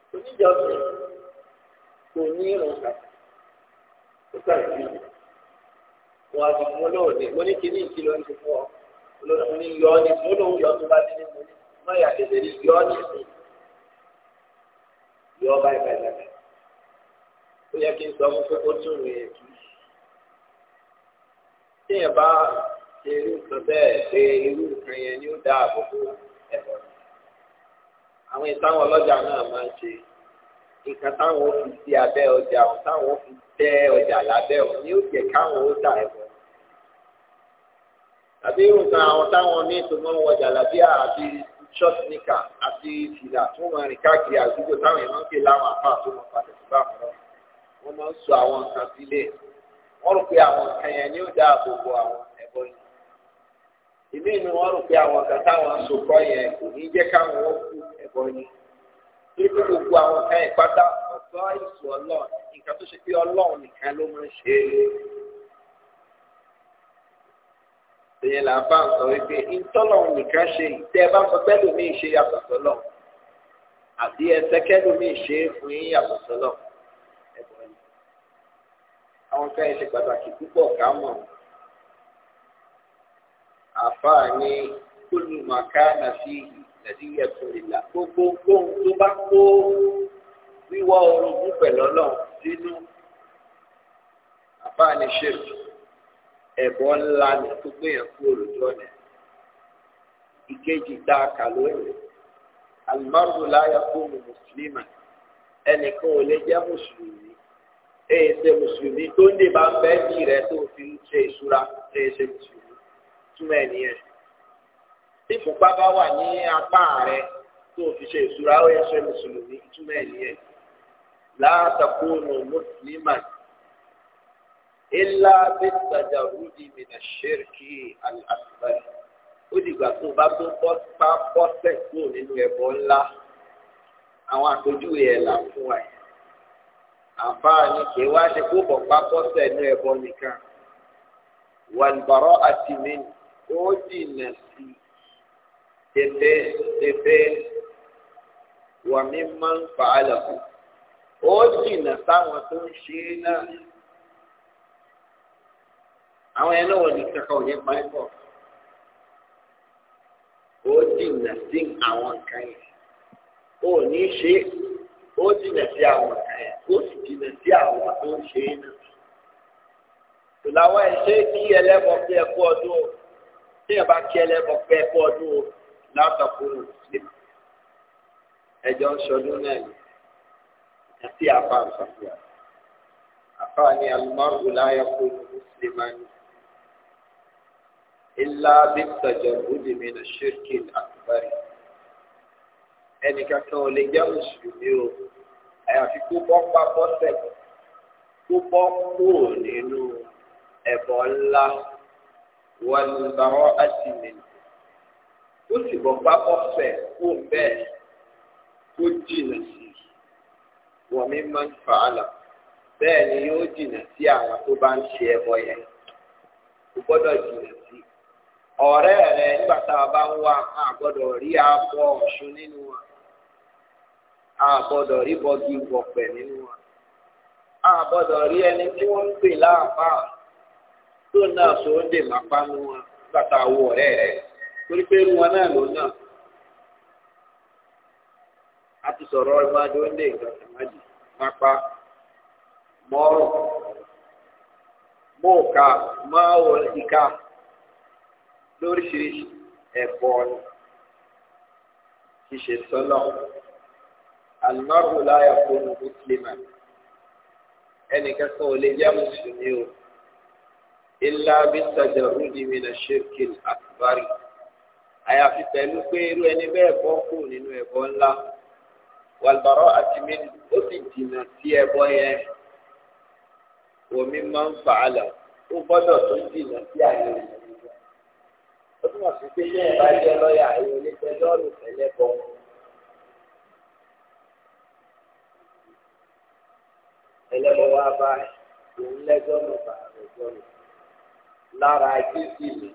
tó níjọsìn kò ní ìrùn kan tó kàrí bí wọn àti mo lóò ní mo ní kíní ìkìlọ ní fún ọ olóòtú ní yọ ọ ní mo lóò yọ tó bá dé ní mo ní mọ ìyá tètè yọ ọ ní fún yọ ọ báyìí báyìí báyìí ó yẹ kí n sọ fún pé ó tún rè é kí. tí yẹn bá ṣe irú nǹkan bẹ́ẹ̀ pé irú nǹkan yẹn ni ó dá àbùkù ẹ̀rọ. àwọn ìtàwọn ọlọ́jà náà máa ń ṣe nǹkan táwọn ó fi sí abẹ́ ọjà ọ̀hún táwọn ó fi tẹ́ ọjà lábẹ́ ọ̀hún ni ó jẹ́ káwọn ó dà ẹ̀rọ tàbí nǹkan àwọn táwọn míì tó máa ń wọjà làbí àti short nika àti fìlà tó máa rìn káàkiri àdúgbò táwọn èèyàn ń láwọn apá tó máa báwọn wọ́n máa ń sọ àwọn nǹkan sílẹ̀ wọ́n rò pé àwọn nǹkan yẹn ni ó dáàbò bo àwọn ẹbọ yìí ìmí inú wọ́n rò pé àwọn nǹkan táwọn sòkọ yẹn kò ní jẹ́ káwọn ó kú ẹbọ yìí torí pé gbogbo àwọn nǹkan yẹn pátá ọ̀tọ́ ìsù ọlọ́run nǹkan tó ṣe pé ọlọ́run nìkan ló máa ń ṣe é ìyẹn là ń bá ń sọ wípé ìtọ́lọ́run nìkan ṣe ìtẹ́ ẹ bá sọ pẹ́lú mi ṣe yàtọ̀ sọ́lọ́ àbí ẹsẹ̀ kẹ́lú mi ṣe é fún yín yàtọ̀ sọ́lọ́ àwọn ká ẹsẹ̀ pàtàkì púpọ̀ ká mọ̀ àfáà ní kólùmọ̀ká nàfi nàdíyẹ kùnìlà gbogbo gbóhùn tó bá kó wíwá orogún pẹ̀lú ọlọ́run nínú àfáà ní ṣèlú ẹ̀bọ ńlá ni tó gbéyàn kú olùjọ́ ni ìkejì dá a kà lóyè mùsùlùmí ẹnìkan ò lè jẹ́ mùsùlùmí èèṣe mùsùlùmí tó ń dèbà ń bẹ́ẹ̀ ní rẹ̀ tó fi ń ṣe ìṣúra èèṣe mùsùlùmí túmọ̀ ẹ̀ nìyẹn. tí ìfúnpá bá wà ní apá rẹ̀ tó fi ṣe ìṣúra ó yẹ ṣe mùsùlùmí túmọ̀ ẹ̀ nìyẹn. látàkùnù mùsùlùmí ilá bí tajarudi mina ṣèrìkì àlùbáyé ó dìgbà tó bá tó bọ́ sẹ́kù nínú ẹ̀bọ ńlá àwọn àpèjúwe ẹ̀ là fún wa yìí àǹfààní kì í wá ṣe kó bọ̀ pápọ́ sẹ́nu ẹ̀bọ nìkan wàlùbọ̀rọ̀ àti mi ó dìnà sí tẹ̀fẹ́ tẹ̀fẹ́ wà mí máa ń fà á lọ́kùn ó jìnà sáwọn tó ń ṣe é náà àwọn ẹni wọn ní kankan òye pa ẹkọ ó jìnà sí àwọn kan yìí ó ní ṣe ó jìnà sí àwọn ó sì jìnnà sí àwọn tó ń ṣe é náà. Tòláwọ́ ẹ̀ ṣé kí ẹlẹ́bọ pé ẹkú ọdún o, tí ẹ kí ẹlẹ́bọ pé ẹkú ọdún o látọ̀kùn òṣèlú. Ẹjọ́ ń ṣọdún náà ni, àti àbá àṣàfihàn. Àbá ni àlùmọ́ọ̀gù láyọ̀ kó Mùsùlùmí ilá bíntàjà òdìmí na ṣírkì àkùbárì. Ẹnìkan kan ò lè jẹ́ Mùsùlùmí o àyàfi kó bọ́ pa bọ́sẹ̀ kó bọ́ kúrò nínú ẹ̀bọ ńlá wàlúbàrọ̀ àti nìyí ó sì bọ́ pa bọ́sẹ̀ kó bẹ́ẹ̀ kó jìnà sí wọ́n mi máa ń fà á lọ bẹ́ẹ̀ ni yóò jìnà sí àwọn tó bá ń ṣe ẹbọ yẹn kò gbọ́dọ̀ jìnà sí ọ̀rẹ́ rẹ nígbà tá a bá ń wá a gbọ́dọ̀ rí abọ́ ọ̀ṣun nínú wọn. àbọ̀dọ̀ rí wọ̀pẹ̀ nínú wa àbọ̀dọ̀ rí ẹni tí wọ́n ń pè tó náà dè wa bàtà wọ ọ̀rẹ́ rẹ̀ torí pé irú wọn náà ló náà a ti sọ̀rọ̀ ẹ̀ máa dè nǹkan tàmájì má pa mọ́ọ̀ka máa almaru la yakunu muslima ẹnìkan kan ò lè jẹ́ mùsùlùmí o illa bitajarudi mina shirkil akbari àyàfi pẹ̀lú pé irú ẹni bẹ́ẹ̀ bọ́ kù nínú ẹ̀bọ ńlá wàlbàrọ̀ àti mímu ó sì dìnnà sí ẹ̀bọ yẹn omi máa ń fà á lọ ó gbọ́dọ̀ tó dìnnà sí àyè ó túmọ̀ sí pé yẹ́n bá jẹ́ lọ́ọ̀yà ìwé onígbẹ́jọ́ rò tẹ́lẹ̀ bọ́ wọn. ẹlẹ́bọ̀ wá bá òun lẹ́jọ́ lọ bá àròjọ rẹ̀ lára jíjì mi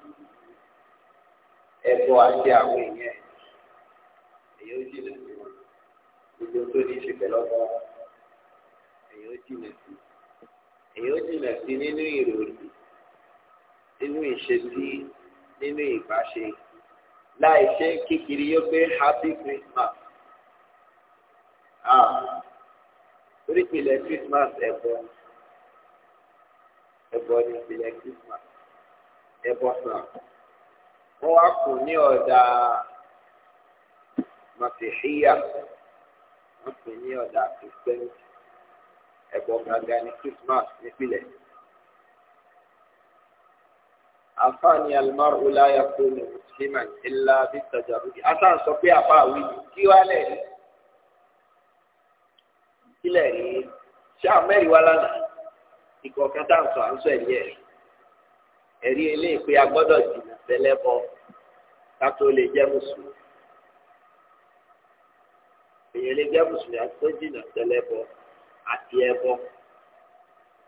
ẹ̀bọ àti àwọn èèyàn èyí ó jìnà sí wọn gbogbo tó ní ṣe pẹ̀lú ọgbà èyí ó jìnà sí èyí ó jìnà sí nínú ìròyìn nínú ìṣesí nínú ìbáṣe láì ṣe kékeré yóò pé happy Christmas. Ah torí ìpìlẹ̀ Christmas ẹ̀bọ ẹ̀bọ ni ìpìlẹ̀ Christmas ẹ̀bọ sàn wọ́n wá kù ní ọ̀dà màsíhíyà wọ́n pè ní ọ̀dà Christian ẹ̀bọ gbàgbà ní Christmas nípìlẹ̀. àfààní almaru la yakunu musliman illa bitajarudi. a sàn sọ pé àbá àwìn kí sílẹ̀ rí ṣáà mẹ́rin wá lánàá ìkọ̀ kan ń sọ à ń sọ ẹ̀rí ẹ̀rí ẹ̀rí eléyìí pé a gbọ́dọ̀ jìnnà sẹ́lẹ́bọ kátó lè jẹ́ mùsùlùmí èyí lè jẹ́ mùsùlùmí àti tó jìnnà sẹ́lẹ́bọ àti ẹbọ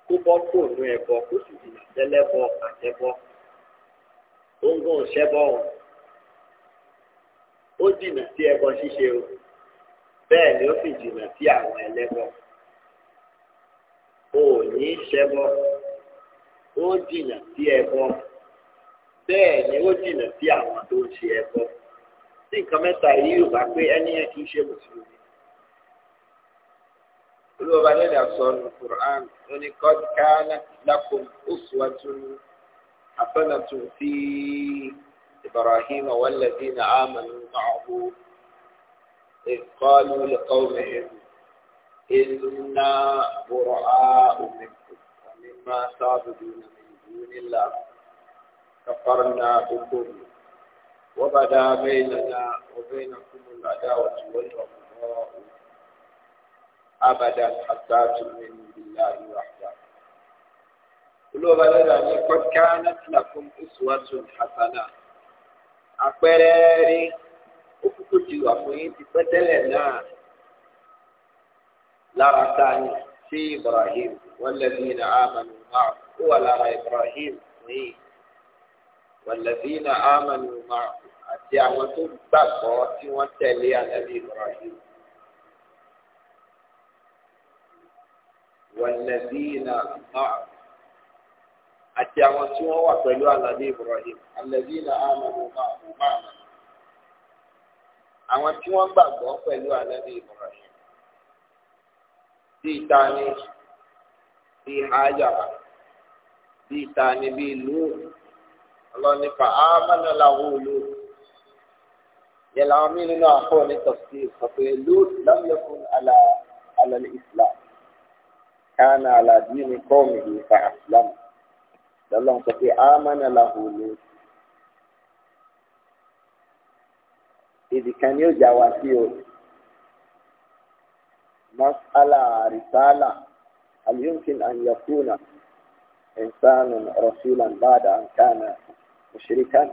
kó bọ́ kó nu ẹbọ kó sì jìnnà sẹ́lẹ́bọ àtẹbọ ó ń gún ṣẹbọ ó jìnnà sí ẹbọ ṣíṣe o. bẹ́ẹ̀ ni ó sì jìnnà sí àwọn o ò ní O ṣẹbọ ó jìnnà sí ẹbọ bẹ́ẹ̀ ni ó jìnnà sí àwọn tó ń ṣe ẹbọ tí nǹkan mẹ́ta yìí yóò bá pé ẹni yẹn kì í ṣe mùsùlùmí. olùwọ́ba lẹ́nu àsọ̀nù Qur'an ó ní qad kanat lakum إذ قالوا لقومهم إنا براء منكم ومما تعبدون من دون الله كفرنا بكم وبدا بيننا وبينكم العداوة والبغضاء أبدا حتى تؤمنوا بالله وحده قلوا بلدني قد كانت لكم أسوة حسنة أقبلوا tó ti wà fún yín ti pẹ́ tẹ́lẹ̀ náà lára ta ni sí Ibrahim wọn amánú آمنوا ó wà lára Ibrahim ní wọn nìyí والذين amánú معه àti àwọn tó gbàgbọ́ tí wọ́n tẹ̀lé ànábì Ibrahim. والذين معه àti àwọn tí wọ́n wà pẹ̀lú ànábì Ibrahim الذين آمنوا معه معنا. àwọn tí wọ́n gbàgbọ́ pẹ̀lú ànábì Ibrahim bíi tani bíi Hajara bíi tani bíi Lut ọlọ́ni fa amánà làwọn olú yẹ làwọn mí nínú àpò ní tọ́sí ìfọ̀pẹ́ Lut lọ́mọ̀kún àlà àlà Islam kánà àlà dínì kọ́ọ̀mù yìí fa àfúlámù sọ pé amánà làwọn olú. ìdìkan ni ó jà wá sí o mas'ala risala hal yumkin an yakuna insanun rasulan ba'da an kana mushrikan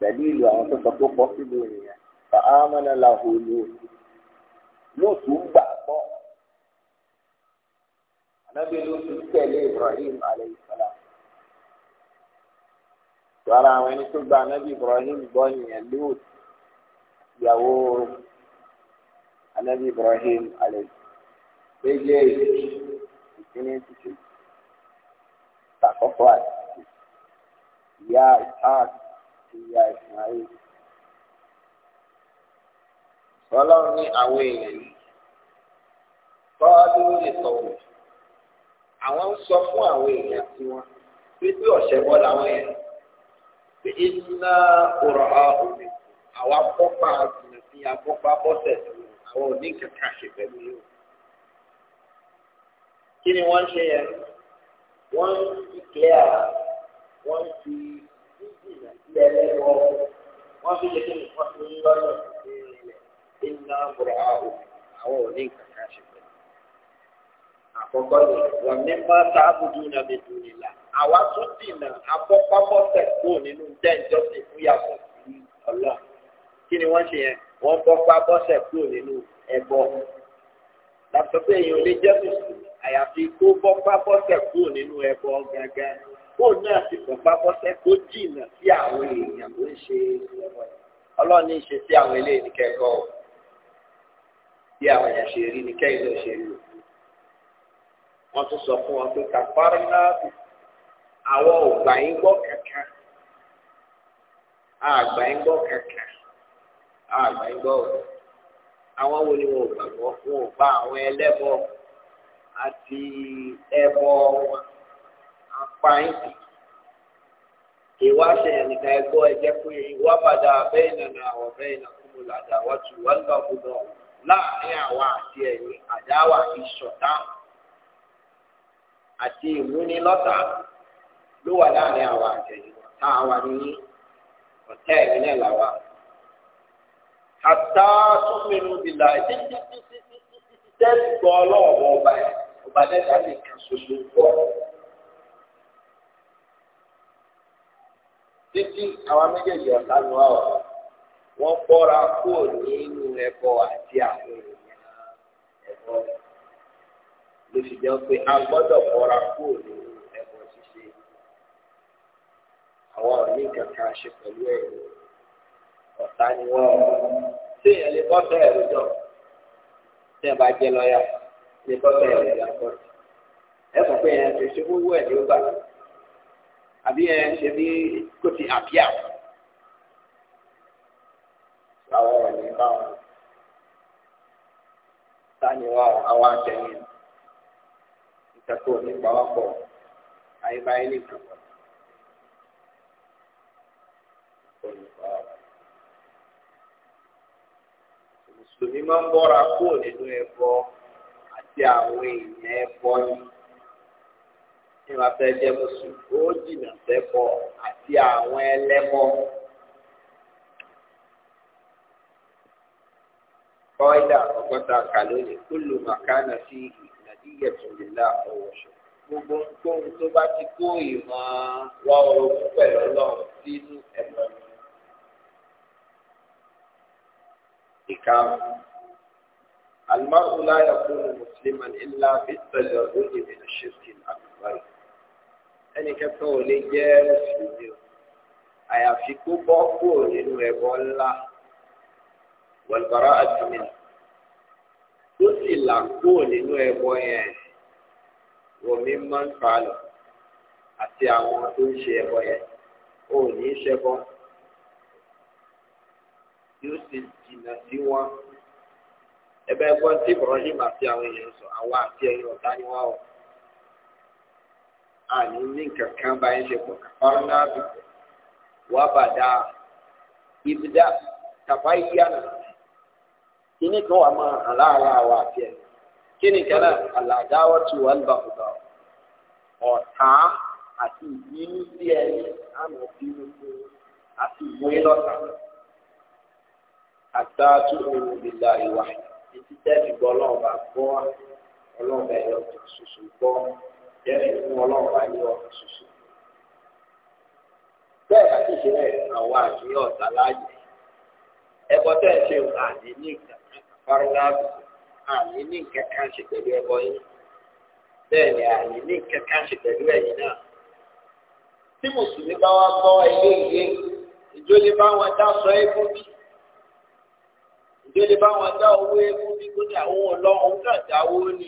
dalilu àwọn tó sọ pé pọ́sibú nìyẹn fa amana lahu lóòtú lóòtú gbà gbọ́ anabi lóòtú tẹ̀lé ibrahim alayhi salam tó ara àwọn ẹni tó gba anabi ibrahim gbọ́ nìyẹn lóòtú. ìyàwó anabi ibrahim alayhi gbẹgbẹ ìkíní títí takọkọ àti ìyá isaac àti ìyá ismail ọlọ́run ní àwọn èèyàn yìí tọ́ọ́dún lè sọ̀rọ̀ àwọn ń sọ fún àwọn èèyàn tí wọ́n pé bí ọ̀sẹ̀ bọ́ làwọn yẹn pé iná òrò ọ̀hún àwa kọ́pà jìnnà sí akọ́pà bọ́sẹ̀ sí àwọn òní kẹta ṣe pẹ̀lú yìí o. kí ni wọ́n ń ṣe yẹn wọ́n ń dìklẹ́à wọ́n ń fi jíjìnà sí ẹlẹ́wọ́ wọ́n fi lè kí ni wọ́n fi ń lọ́yọ̀ sí ilẹ̀ iná bùrọ̀ àwọn àwọn òní kẹta ṣe pẹ̀lú. àkọ́kọ́ ni wọ́n ní bá sábùdù náà lè dùn nílà àwa tún dìnnà akọ́pà bọ́sẹ̀ kúrò nínú jẹ́ ìjọ́sìn fúyàwó sí ọlọ́run kí ni wọ́n ṣe yẹn wọ́n bọ́ pa bọ́sẹ̀ kúrò nínú ẹbọ làtọ́ pé èèyàn lè jẹ́ mùsùlùmí àyàfi kó bọ́ pa bọ́sẹ̀ kúrò nínú ẹbọ gangan kó náà sì bọ́ pa bọ́sẹ̀ kó jìnnà sí àwọn èèyàn tó ń ṣe ọlọ́run ní ṣe sí àwọn eléyìí kẹ́kọ̀ọ́ bí àwọn èèyàn ṣe rí ni kẹ́yìn náà ṣe rí o wọ́n tún sọ fún wọn pé kàfárá náà àwọn ò yín gbọ́ kankan àgbà yín gbọ́ kankan. àgbà ń gbọ́ àwọn wo ni wọn ò gbàgbọ́ wọn ò bá ẹbọ apáyìntì ìwà ẹgbọ́ pé ìwà padà bẹ́ẹ̀ nà làdà wọ́n ti wọ́n lọ gbọdọ̀ láàrin àtà sọmínú bìlà tẹ́sí gbọ́ ọlọ́wọ́ ọba ẹ̀ ọba dẹ́ta nìkan ṣoṣo gbọ́. títí àwọn méjèèjì ọ̀tá ni wọ́n wà wọ́n bọ́ra kúrò nínú ẹbọ àti àwọn èèyàn ẹbọ ló fi jẹ́ pé a gbọ́dọ̀ bọ́ra kúrò nínú ẹbọ ṣíṣe àwọn òní kankan ṣe pẹ̀lú ẹ̀rọ ọ̀tá ni wọ́n ṣé èèyàn lè bọ́ sọ ẹ̀rù jọ tí ẹ bá jẹ lọ́yà lè bọ́ sọ ẹ̀rù jọ pọ̀ ẹ sọ pé ẹ ṣe ṣe wíwú ẹ̀ ní ó gbà àbí ẹ ṣe bí kò ti àbíà àwọn ọ̀rọ̀ ní bá wọn tani wa àwọn àtẹ̀yìn ìtàkùn nípa wọn pọ̀ àyíbáyé nìkan pọ̀. mùsùlùmí máa ń bọ́ra kúrò nínú ẹbọ àti àwọn èèyàn ẹbọ ni ní wàá fẹ́ jẹ́ mùsùlùmí ó jìnnà sẹ́bọ àti àwọn ẹlẹ́bọ. kọ́ńdà ọgọ́ta kàlónì kúlù màkánà sí ìnàdíyẹ tòlélà ọ̀wọ̀ṣọ́ gbogbo nǹkan tó bá ti kó ìmọ̀ wá orogún pẹ̀lú ọlọ́run sínú ẹ̀mọ́ ni. الاحتكام المرء لا يكون مسلما إلا بالتجرد من الشرك الأكبر ẹnì kẹta ò lè jẹ́ mùsùlùmí o àyàfi kó bọ́ kúrò nínú ẹbọ ńlá wọlbàrà àtìmílà tó sì là kúrò nínú ẹbọ yẹn wọmí máa ń fa àti àwọn tó ń ṣe ẹbọ yẹn ò ní í ṣẹbọ yóò sì jìnnà sí wọn ẹbẹ ẹgbọn tí Ibrahim àti àwọn èèyàn sọ àwa àti ẹ̀yin ọ̀tá ni wọn o àní ní kankan bá yín ṣe pọ̀ kàfárínà àbùkù wà bàdà ibùdá kàfá yíyànà kíní kan wà máa hàn láàárọ̀ àwa àti ẹ kíní kan náà àlàdáwọ tù wọn bá kú bá ọ̀tá àti ìbínú sí ẹni àmọ́ bínú fún àti ìwé lọ́tà náà àtàtù nínú ìlà ìwà títí tẹ́lẹ̀ gbọ́ ọlọ́run bá gbọ́ ọlọ́run bá yọ ṣoṣo gbọ́ tẹ́lẹ̀ fún ọlọ́run bá yọ ṣoṣo. bẹ́ẹ̀ bá ti ṣe bẹ́ẹ̀ àwọn àti ọ̀tá láàyè ẹbọ tẹ́ ẹ ṣe àní ní nǹkan fárúláàbù àní ní nǹkan kan ṣe pẹ̀lú ẹbọ yín bẹ́ẹ̀ ni àní ní nǹkan ṣe pẹ̀lú ẹ̀yìn náà tí délé báwọn dá owó eégún ní gbóni àwọn ọlọ́run náà dáwó ni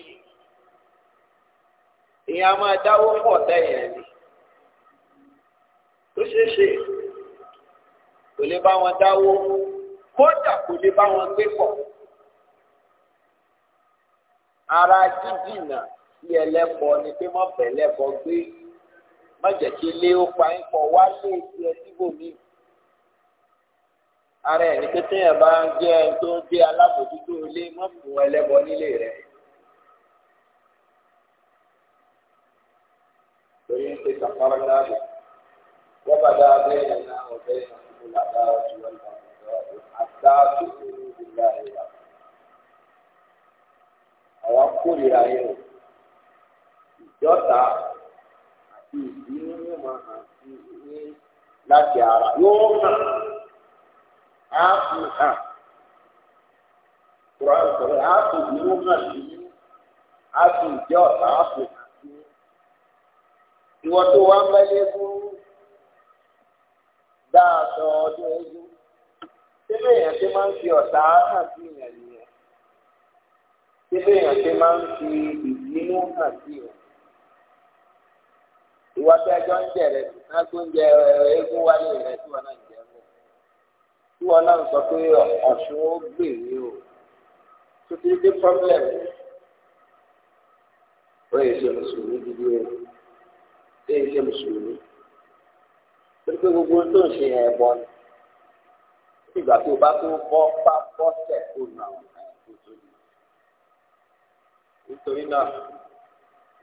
ìyẹn a máa dáwó pọ̀ tẹ̀yẹ̀ ni ó ṣeé ṣe kò lè bá wọn dáwó kódà kò lè bá wọn gbé pọ̀ ara jíjìnà sí ẹlẹ́bọ ni pé mọ̀ bẹ̀lẹ́bọ gbé má ó pa ń pọ̀ wá lé síbòmíì ara ẹni pé téèyàn bá ń jẹ́ ẹni tó ń jẹ́ alábòjútó ilé má fún ẹlẹ́bọ nílé rẹ̀. lórí ń pè sàfárá dáàbò wọ́n bá dáa bẹ́ẹ̀ yẹn náà ọ̀bẹ yẹn kúrò ládàá ọ̀tún wọn lọ sọ̀rọ̀ àdáàbò kúrò nílá ìlà. àwọn kórìíra yẹn o ìjọta àti ìdí nínú ìmọ̀ àti ìwé láti ara yóò hàn. àáfù hà kura sọ̀rọ̀ àáfù nínú náà sí ní àáfù jẹ́ ọ̀tá àáfù àti ìwọ tó wá ń bẹ́lẹ́ fún dáadọ́ ọdún ẹgbẹ́ síbẹ̀ èèyàn ti máa ń fi ọ̀tá nìyẹn ti ń fi ìbínú ha sí ìyẹn ya tí ẹjọ́ tí eh, náà tí wọn náà sọ pé ọ̀ṣun ó gbè yí o tó ti dé pọ́blẹ̀mù ó yẹ ṣe mùsùlùmí gidi o ó yẹ ṣe mùsùlùmí torí pé gbogbo tó ń ṣe yẹn bọ́ ni ìgbà tó bá tó bọ́ bá bọ́ tẹ̀ kó nà ó nítorí náà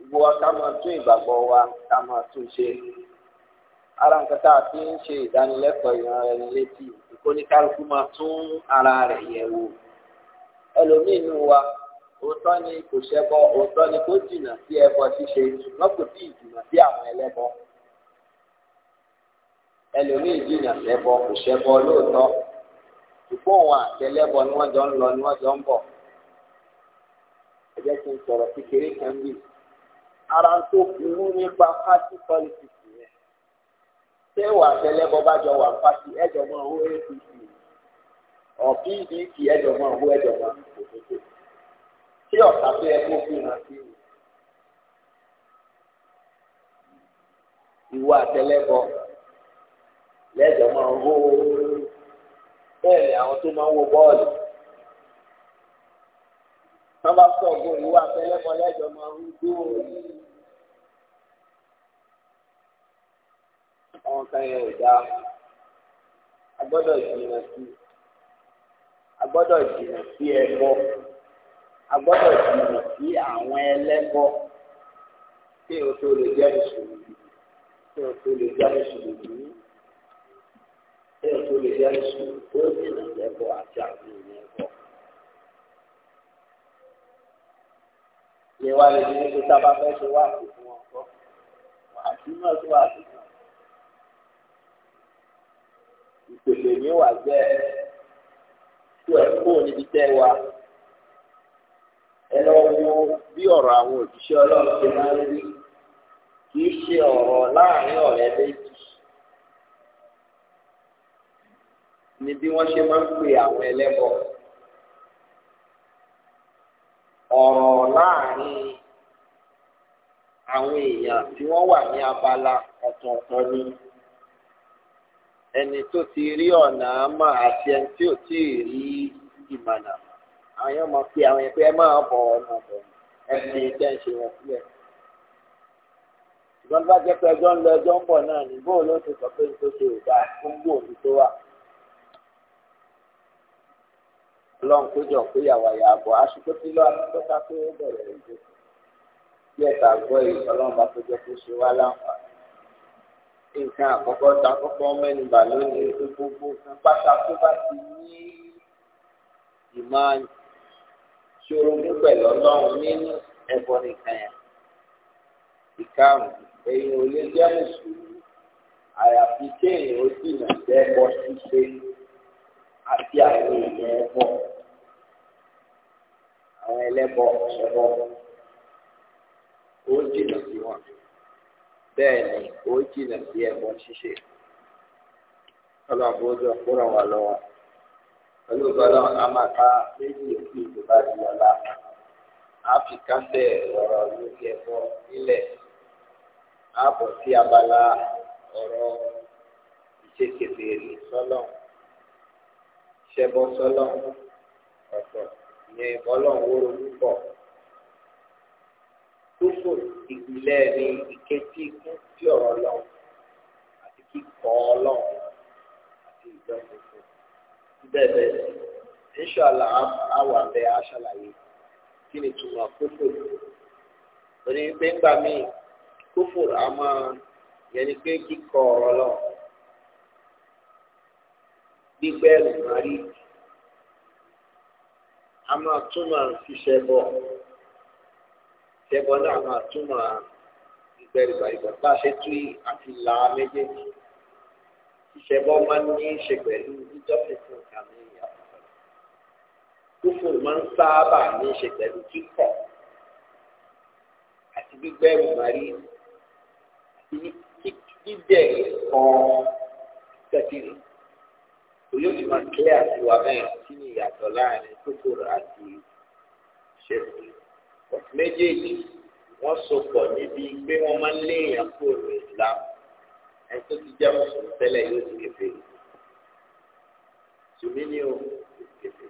gbogbo wa máa tún ìgbàgbọ́ wa ká máa tún ṣe ara nǹkan tá a fi ń ṣe ìdánilẹ́kọ̀ọ́ ìran ẹni létí ìkóníkálukú máa tún ara rẹ̀ yẹ̀ wò ẹlòmíì nù wa òótọ́ ni kò ṣẹbọ òótọ́ ni kò jìnnà sí ẹbọ ṣíṣe ṣùgbọ́n kò tí ì jìnnà sí àwọn ẹlẹ́bọ ẹlòmíì jìnnà sẹ́bọ kò ṣẹbọ lóòótọ́ ṣùgbọ́n òun àtẹlẹ́bọ ni wọ́n jọ ń lọ ni wọ́n jọ ń bọ̀ ẹ jẹ́ kí n sọ̀rọ̀ kékeré kan bí ara tó burú nípa party politics ṣé wà tẹ́lẹ̀ bọ́ bá jọ wà pàṣẹ ẹ̀jọ̀ mọ́ owó apc ọ̀ pdp ẹ̀jọ̀ mọ́ owó ẹ̀jọ̀ mọ́ òdodo ṣé ọ̀tá tó yẹ kó fi hàn sí i ìwà tẹ́lẹ̀bọ lẹ́jọ̀ máa ń hó bẹ́ẹ̀ ni àwọn tó máa ń wo bọ́ọ̀lù wọ́n bá sọ̀gbọ́n ìwà tẹ́lẹ̀bọ lẹ́jọ̀ máa ń hó àwọn kan yẹn ò dáa a gbọ́dọ̀ jìnnà sí a gbọ́dọ̀ jìnnà sí ẹbọ a gbọ́dọ̀ jìnnà sí àwọn ẹlẹ́bọ kí o tó lè jẹ́ mùsùlùmí kí o tó lè jẹ́ mùsùlùmí kí o tó lè jẹ́ mùsùlùmí kó o jìnnà ẹbọ àti àwọn ènìyàn ẹbọ. ìwà lè ní kí sábà fẹ́ ṣe wà fún wọn kọ́ àti náà tó wà fún. ìpèlè ní wà jẹ́ tó ẹ̀ kó níbi tẹ́ wa ẹ lọ wo bí ọ̀rọ̀ àwọn òjíṣẹ́ ọlọ́run ṣe máa ń rí kì í ṣe ọ̀rọ̀ láàrin ọ̀rẹ́ méjì ni bí wọ́n ṣe máa ń pè àwọn ẹlẹ́bọ ọ̀rọ̀ láàrin àwọn èèyàn tí wọ́n wà ní abala ọ̀tọ̀ọ̀tọ̀ ni ẹni tó ti rí ọ̀nà àmà àti ẹni tí ò tí ì rí ìmọ̀nà àwọn yóò máa pe àwọn yẹn pé ẹ máa bọ̀ ọ̀nà bọ̀ ẹni tẹ́ ń ṣe wọn sílẹ̀. ṣùgbọ́n bá jẹ́ pé ẹjọ́ ń lọ ẹjọ́ ń bọ̀ náà ní bóun ló ti sọ pé n tó ṣe ò dáa fún bóun tó wà. ọlọ́run kó jọ pé yàwá yàbọ̀ aṣíkó tí lọ́wọ́ aṣíkó bẹ̀rẹ̀ ìjọ bí ẹ̀ka gbọ́ ìtọ́lọ́run bá tó jẹ́ kó ṣe wá láǹfààní nǹkan àkọ́kọ́ tá àkọ́kọ́ mẹ́nubà lónìí pé gbogbo nǹkan pátá tó bá ti ní ìmọ̀ ṣorogún pẹ̀lú ọlọ́run nínú ẹ̀bọ nìkan yẹn. ìkarùn èèyàn ò lè jẹ́ mùsùlùmí àyàfi kéèyàn ó dìnà ẹ̀bọ ṣíṣe àti àwọn èèyàn ẹ̀bọ àwọn ẹlẹ́bọ ṣẹbọ ó dìnà sí wọn bẹ́ẹ̀ ni ó jìnà sí ẹ̀bọn ṣíṣe kọ́lá àbójú ọ̀pọ̀rọ̀ wà lọ́wọ́ pẹ̀lú bọ́lá àmàká méjì òkú ìjọba ti ọ̀la áfíríkà tẹ̀ ọ̀rọ̀ lórí ẹ̀bọ nílẹ̀ ààbọ̀ sí abala ọ̀rọ̀ ìṣèkèbèrè sọ́lọ̀ ṣẹbọ sọ́lọ̀ ọ̀pọ̀ ìyẹn ìbọ́lọ̀ ń wóró púpọ̀ kúfù ìgbìlẹ̀ ní ìkejì ikú sí ọ̀rọ̀ ọlọ́run àti kíkọ́ ọlọ́run àti ìjọsìn fún bẹ́ẹ̀ bẹ́ẹ̀ sí inṣọ́lá àwọn abẹ́ aṣàlàyé kí ni túmọ̀ kúfù torí pé ńgbà míì kúfù a máa yẹn ni pé kíkọ́ ọ̀rọ̀ ọlọ́run gbígbẹ́ máa rí a máa túmọ̀ ṣiṣẹ́ bọ̀ tẹ́gbọ́n náà máa túmọ̀ ìgbẹ́rùbà ìgbà bá a ṣe tú àti là á méjèèjì ìṣẹ̀bọ́ máa ń ní í ṣe pẹ̀lú jíjọ́sìnkún kàmí ìyàtọ̀ kúfùrù máa ń sábà ní í ṣe pẹ̀lú kíkọ̀ àti gbígbẹ́rù màrí àti jíjẹ́ ìkan tẹ̀sílì òye òsì máa ń kílẹ̀ àti wà mẹ́rin sí ìyàtọ̀ láàrin kúfùrù àti ṣẹ́gun méjèèjì wọ́n so pọ̀ níbi pé wọ́n máa ń lé èèyàn kúrò ní islam ẹni tó ti jẹ́ mùsùlùmí tẹ́lẹ̀ yóò ti kéfè sùnmí ni o kéfè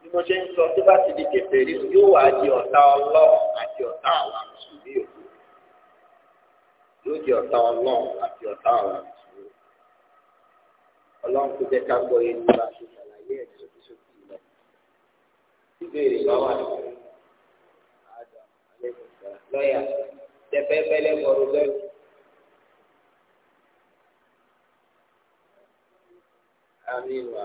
bí mo ṣe ń sọ tó bá ti di kéfè rí yóò wá di ọ̀tá ọlọ́run àti ọ̀tá àwọn mùsùlùmí yòókù yóò di ọ̀tá ọlọ́run àti ọ̀tá àwọn mùsùlùmí ọlọ́run tó jẹ́ ká gbọ́ yé nípa ṣe ṣàlàyé ẹ̀ sọ́kísọ́kí lọ. ìbéèrè bá wà nínú lọ́yà tẹ́fẹ́fẹ́lẹ́ bọ̀rọ̀ lẹ́nu. àmín wa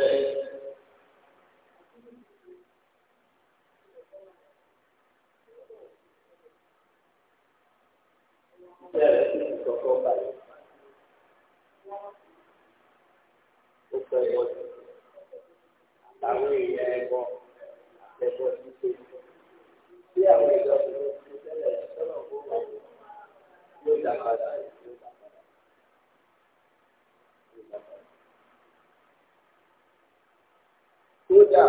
Yeah. bẹ̀rẹ̀ sí ti sọ̀kọ́ báyìí. ó fẹ́ bọ́ sí àwọn èèyàn ẹ̀gbọ́n àtẹ̀bọ́ sí pé bí àwọn ìjọ tó ń fi tẹ́lẹ̀ sọ́nà gbogbo yóò dá padà yóò dá padà. kódà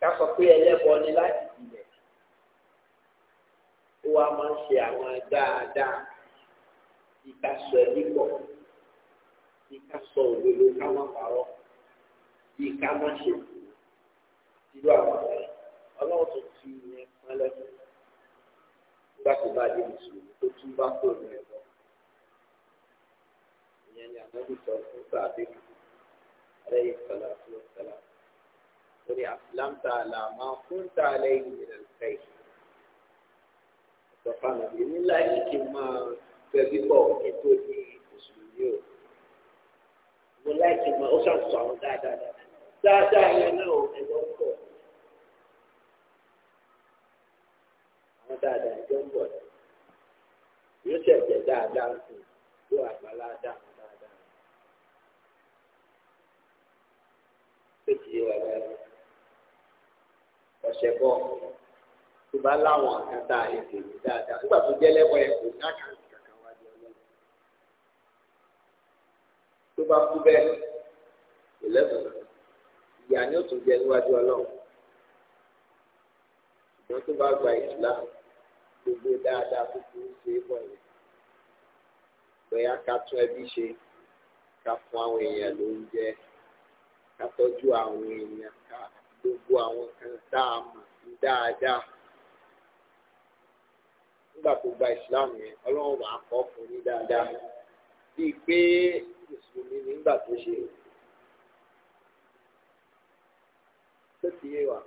ká sọ pé ẹlẹ́bọ ni láti ó wá máa ń ṣe àwọn dáadáa ìkàsọ ẹbí pọ̀ ìkàsọ òdodo ká má parọ́ ìka má ṣe irú àwọn ọ̀rẹ́ ọlọ́run tó ti yẹn pẹ́lẹ́ nígbà tó bá dé mùsùlùmí tó tún bá kó ní ẹ̀rọ ìyẹn ni ànábì sọ fún sàbẹ̀ alẹ́ ìsọ̀lá fún ọ̀sẹ̀lá ó ní àfìlámta àlà máa fún tààlẹ́ ìrìnàlẹ́ máa tẹ̀lé pọ̀ ètò ní mùsùlùmí o. mo láìsí mọ ó ṣàtúnṣe àwọn dáadáa dáadáa yẹn náà ò ní wọ́n pọ̀. àwọn dáadáa ìjọ ń bọ̀ yóò ṣẹ̀jẹ̀ dáadáa ń sùn yóò àgbàlá dáadáa dáadáa. ṣé kìí wà báyìí ọ̀sẹ̀ bọ́ọ̀ tó bá láwọn kan tá a lè tèmi dáadáa nígbà tó jẹ́ lẹ́wọ́ ẹ̀ kò ná kan kankan ọlọ́run tó bá kú bẹ́ẹ̀ ìlẹ́sùn ìyá ni ó tún jẹ níwájú ọlọ́run ṣùgbọ́n tó bá gba ìsìlámù gbogbo dáadáa kúkúrú ṣe é bọ̀ yẹn bóyá ká tún ẹbí ṣe ká fún àwọn èèyàn lóúnjẹ ká tọ́jú àwọn èèyàn ká gbogbo àwọn kan tá mọ̀ sí dáadáa nígbà tó gba ìsìláàmù yẹn ọlọ́run wàá kọ́ fún ní dáadáa bíi pé mùsùlùmí nígbà tó ṣe tó ti yé wa.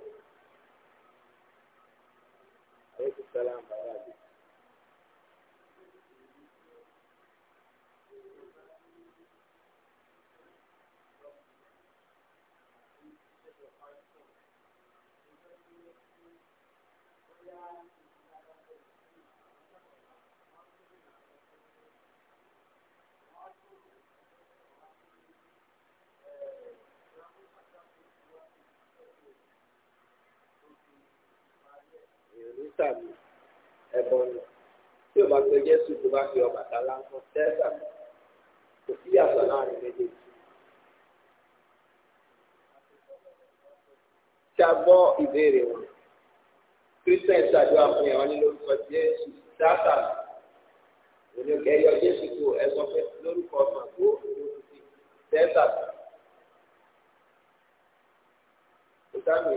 dẹ́sà mi ẹ̀bọ ni tí o bá pe Jésù tó bá fi Ọbàtálá ńkọ́ dẹ́sà mi kò sí yàtọ̀ láàrin méjèèjì. ṣàgbọ́ ìbéèrè wọn Christian ṣàdúrà fún yàrá ní lórúkọ Jésù dẹ́sà mi oníkẹ́ yọ Jésù tó ẹ̀sọ́ pé lórúkọ ọ̀sán tó lórúkọ dẹ́sà mi.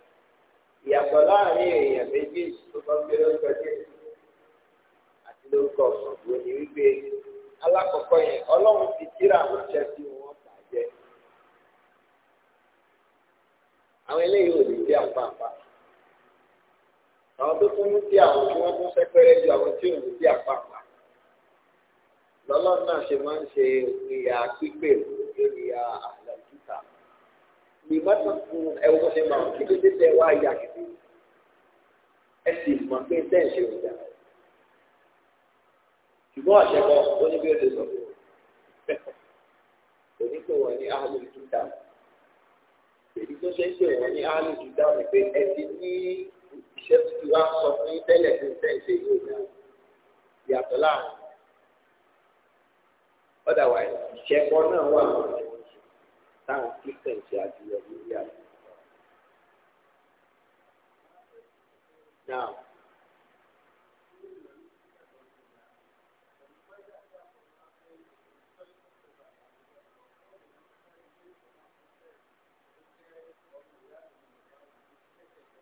ìyàtọ̀ láàrin èèyàn méjì tó bá gbé lórúkọ jésù àti lórúkọ òṣùwò ni wípé alákọ̀ọ́kọ́ yẹn ọlọ́run ti tíra àwọn iṣẹ́ tí wọ́n bàjẹ́ àwọn eléyìí ò ní bí àpapà àwọn tó tún ní bí àwọn tí wọ́n tún sẹ́pẹ́rẹ́ ju àwọn tí ò ní bí àpapà lọ́lọ́run náà ṣe máa ń ṣe ìyá pípé ìyá àti ìmọ̀tò fún ẹ̀wọ̀n ṣe máa kí ló dé tẹ̀ wá ìyá kìtì ẹ sì mọ̀ pé tẹ̀ ń ṣe òjà ṣùgbọ́n àṣẹkọ ó ní bí ó lè sọ òní pé wọ́n ní áhùn ìdúdà èyí tó ṣe ń pè wọ́n ní áhùn ìdúdà ni pé ẹ ti ní iṣẹ́ tuntun wá sọ fún yín tẹ́lẹ̀ fún tẹ̀ ṣe yóò dá ìyàtọ̀ láàrin ọ̀dà wà ìṣẹ́kọ náà wà lórí táwọn kristian ṣe àjùlọ lórí àwọn ọmọ náà.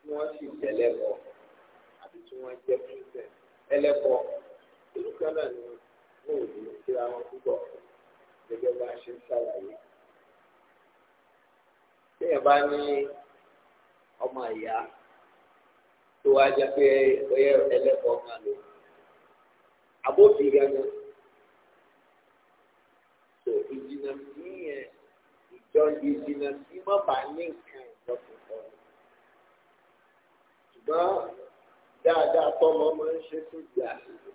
tí wọ́n sì jẹ́ lẹ́kọ̀ọ́ àti tí wọ́n jẹ́ kristian ẹlẹ́kọ̀ọ́ olùkọ́nà ni wọ́n ò ní kíra wọn púpọ̀ gẹ́gẹ́ bá a ṣe ń ṣàlàyé téèyàn bá ní ọmọ ìyá tó wá jẹ pé ọyẹ ẹlẹ́kọ̀ọ́ máa lò àbófin gángan tó ìjìnà sí yẹn ìjọ ìjìnà sí má bàa ní nǹkan ìjọsìnkọ́ ṣùgbọ́n dáadáa tọ́mọ máa ń ṣe fún ìgbà àṣìṣe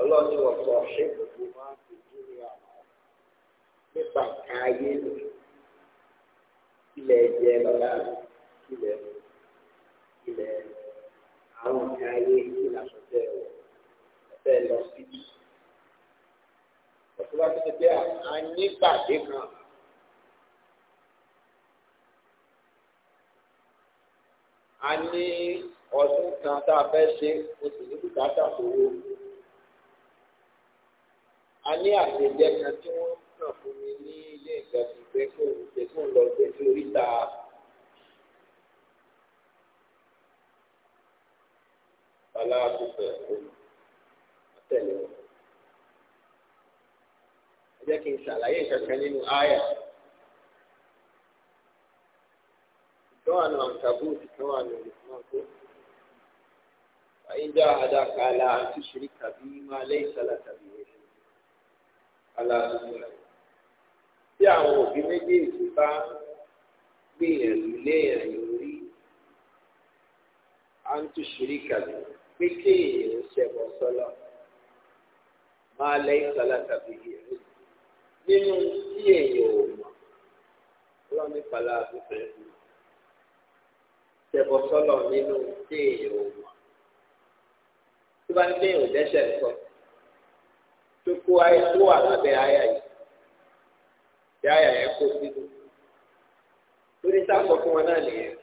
ọlọ́ọ̀ni wọ̀sọ̀ ṣé gbogbo máa ń fi dúró àwọn nípa nǹkan ayé nìkan ilẹ̀ jẹ bàbá ilẹ̀ ilẹ̀ àwọn ọ̀gá ayé ìlà sọ̀tẹ̀ ọ̀ ọ̀tẹ̀ lọ sí. ọ̀tún wá ti ṣe pé a ní pàdé kan. a ní ọdún kan tá a fẹ́ ṣe oṣù ní bùkátà owó. a ní àṣejẹ kan tí wọ́n kàn fún mi ní ilé ìjọba tẹ̀sùn lọ tẹ̀sùn oríta. aláàtúntò ẹ̀kọ́ àtẹ̀lé wọn. ẹ jẹ́ kí n ṣàlàyé kankan nínú àyà. ìkan wà nù àǹkàbùtì kan wà nù tí àwọn òbí méjèèjì bá gbìyànjú léèyàn lórí àǹtúṣírí kàlẹ pé kéèyàn ń ṣẹbọ sọlọ máa lẹ́yìn sọlá tàbí ìrìn nínú tí èèyàn ò mọ̀ lọ nípa láàbù pẹ̀lú ṣẹbọ sọlọ nínú tí èèyàn ò mọ̀ tó bá ń gbìyànjú dẹ́ṣẹ̀ nǹkan tó kó ayé wà lábẹ́ ayé yìí tí àyà yẹn kó sínú lórí sáfọ fún wọn náà nìyẹn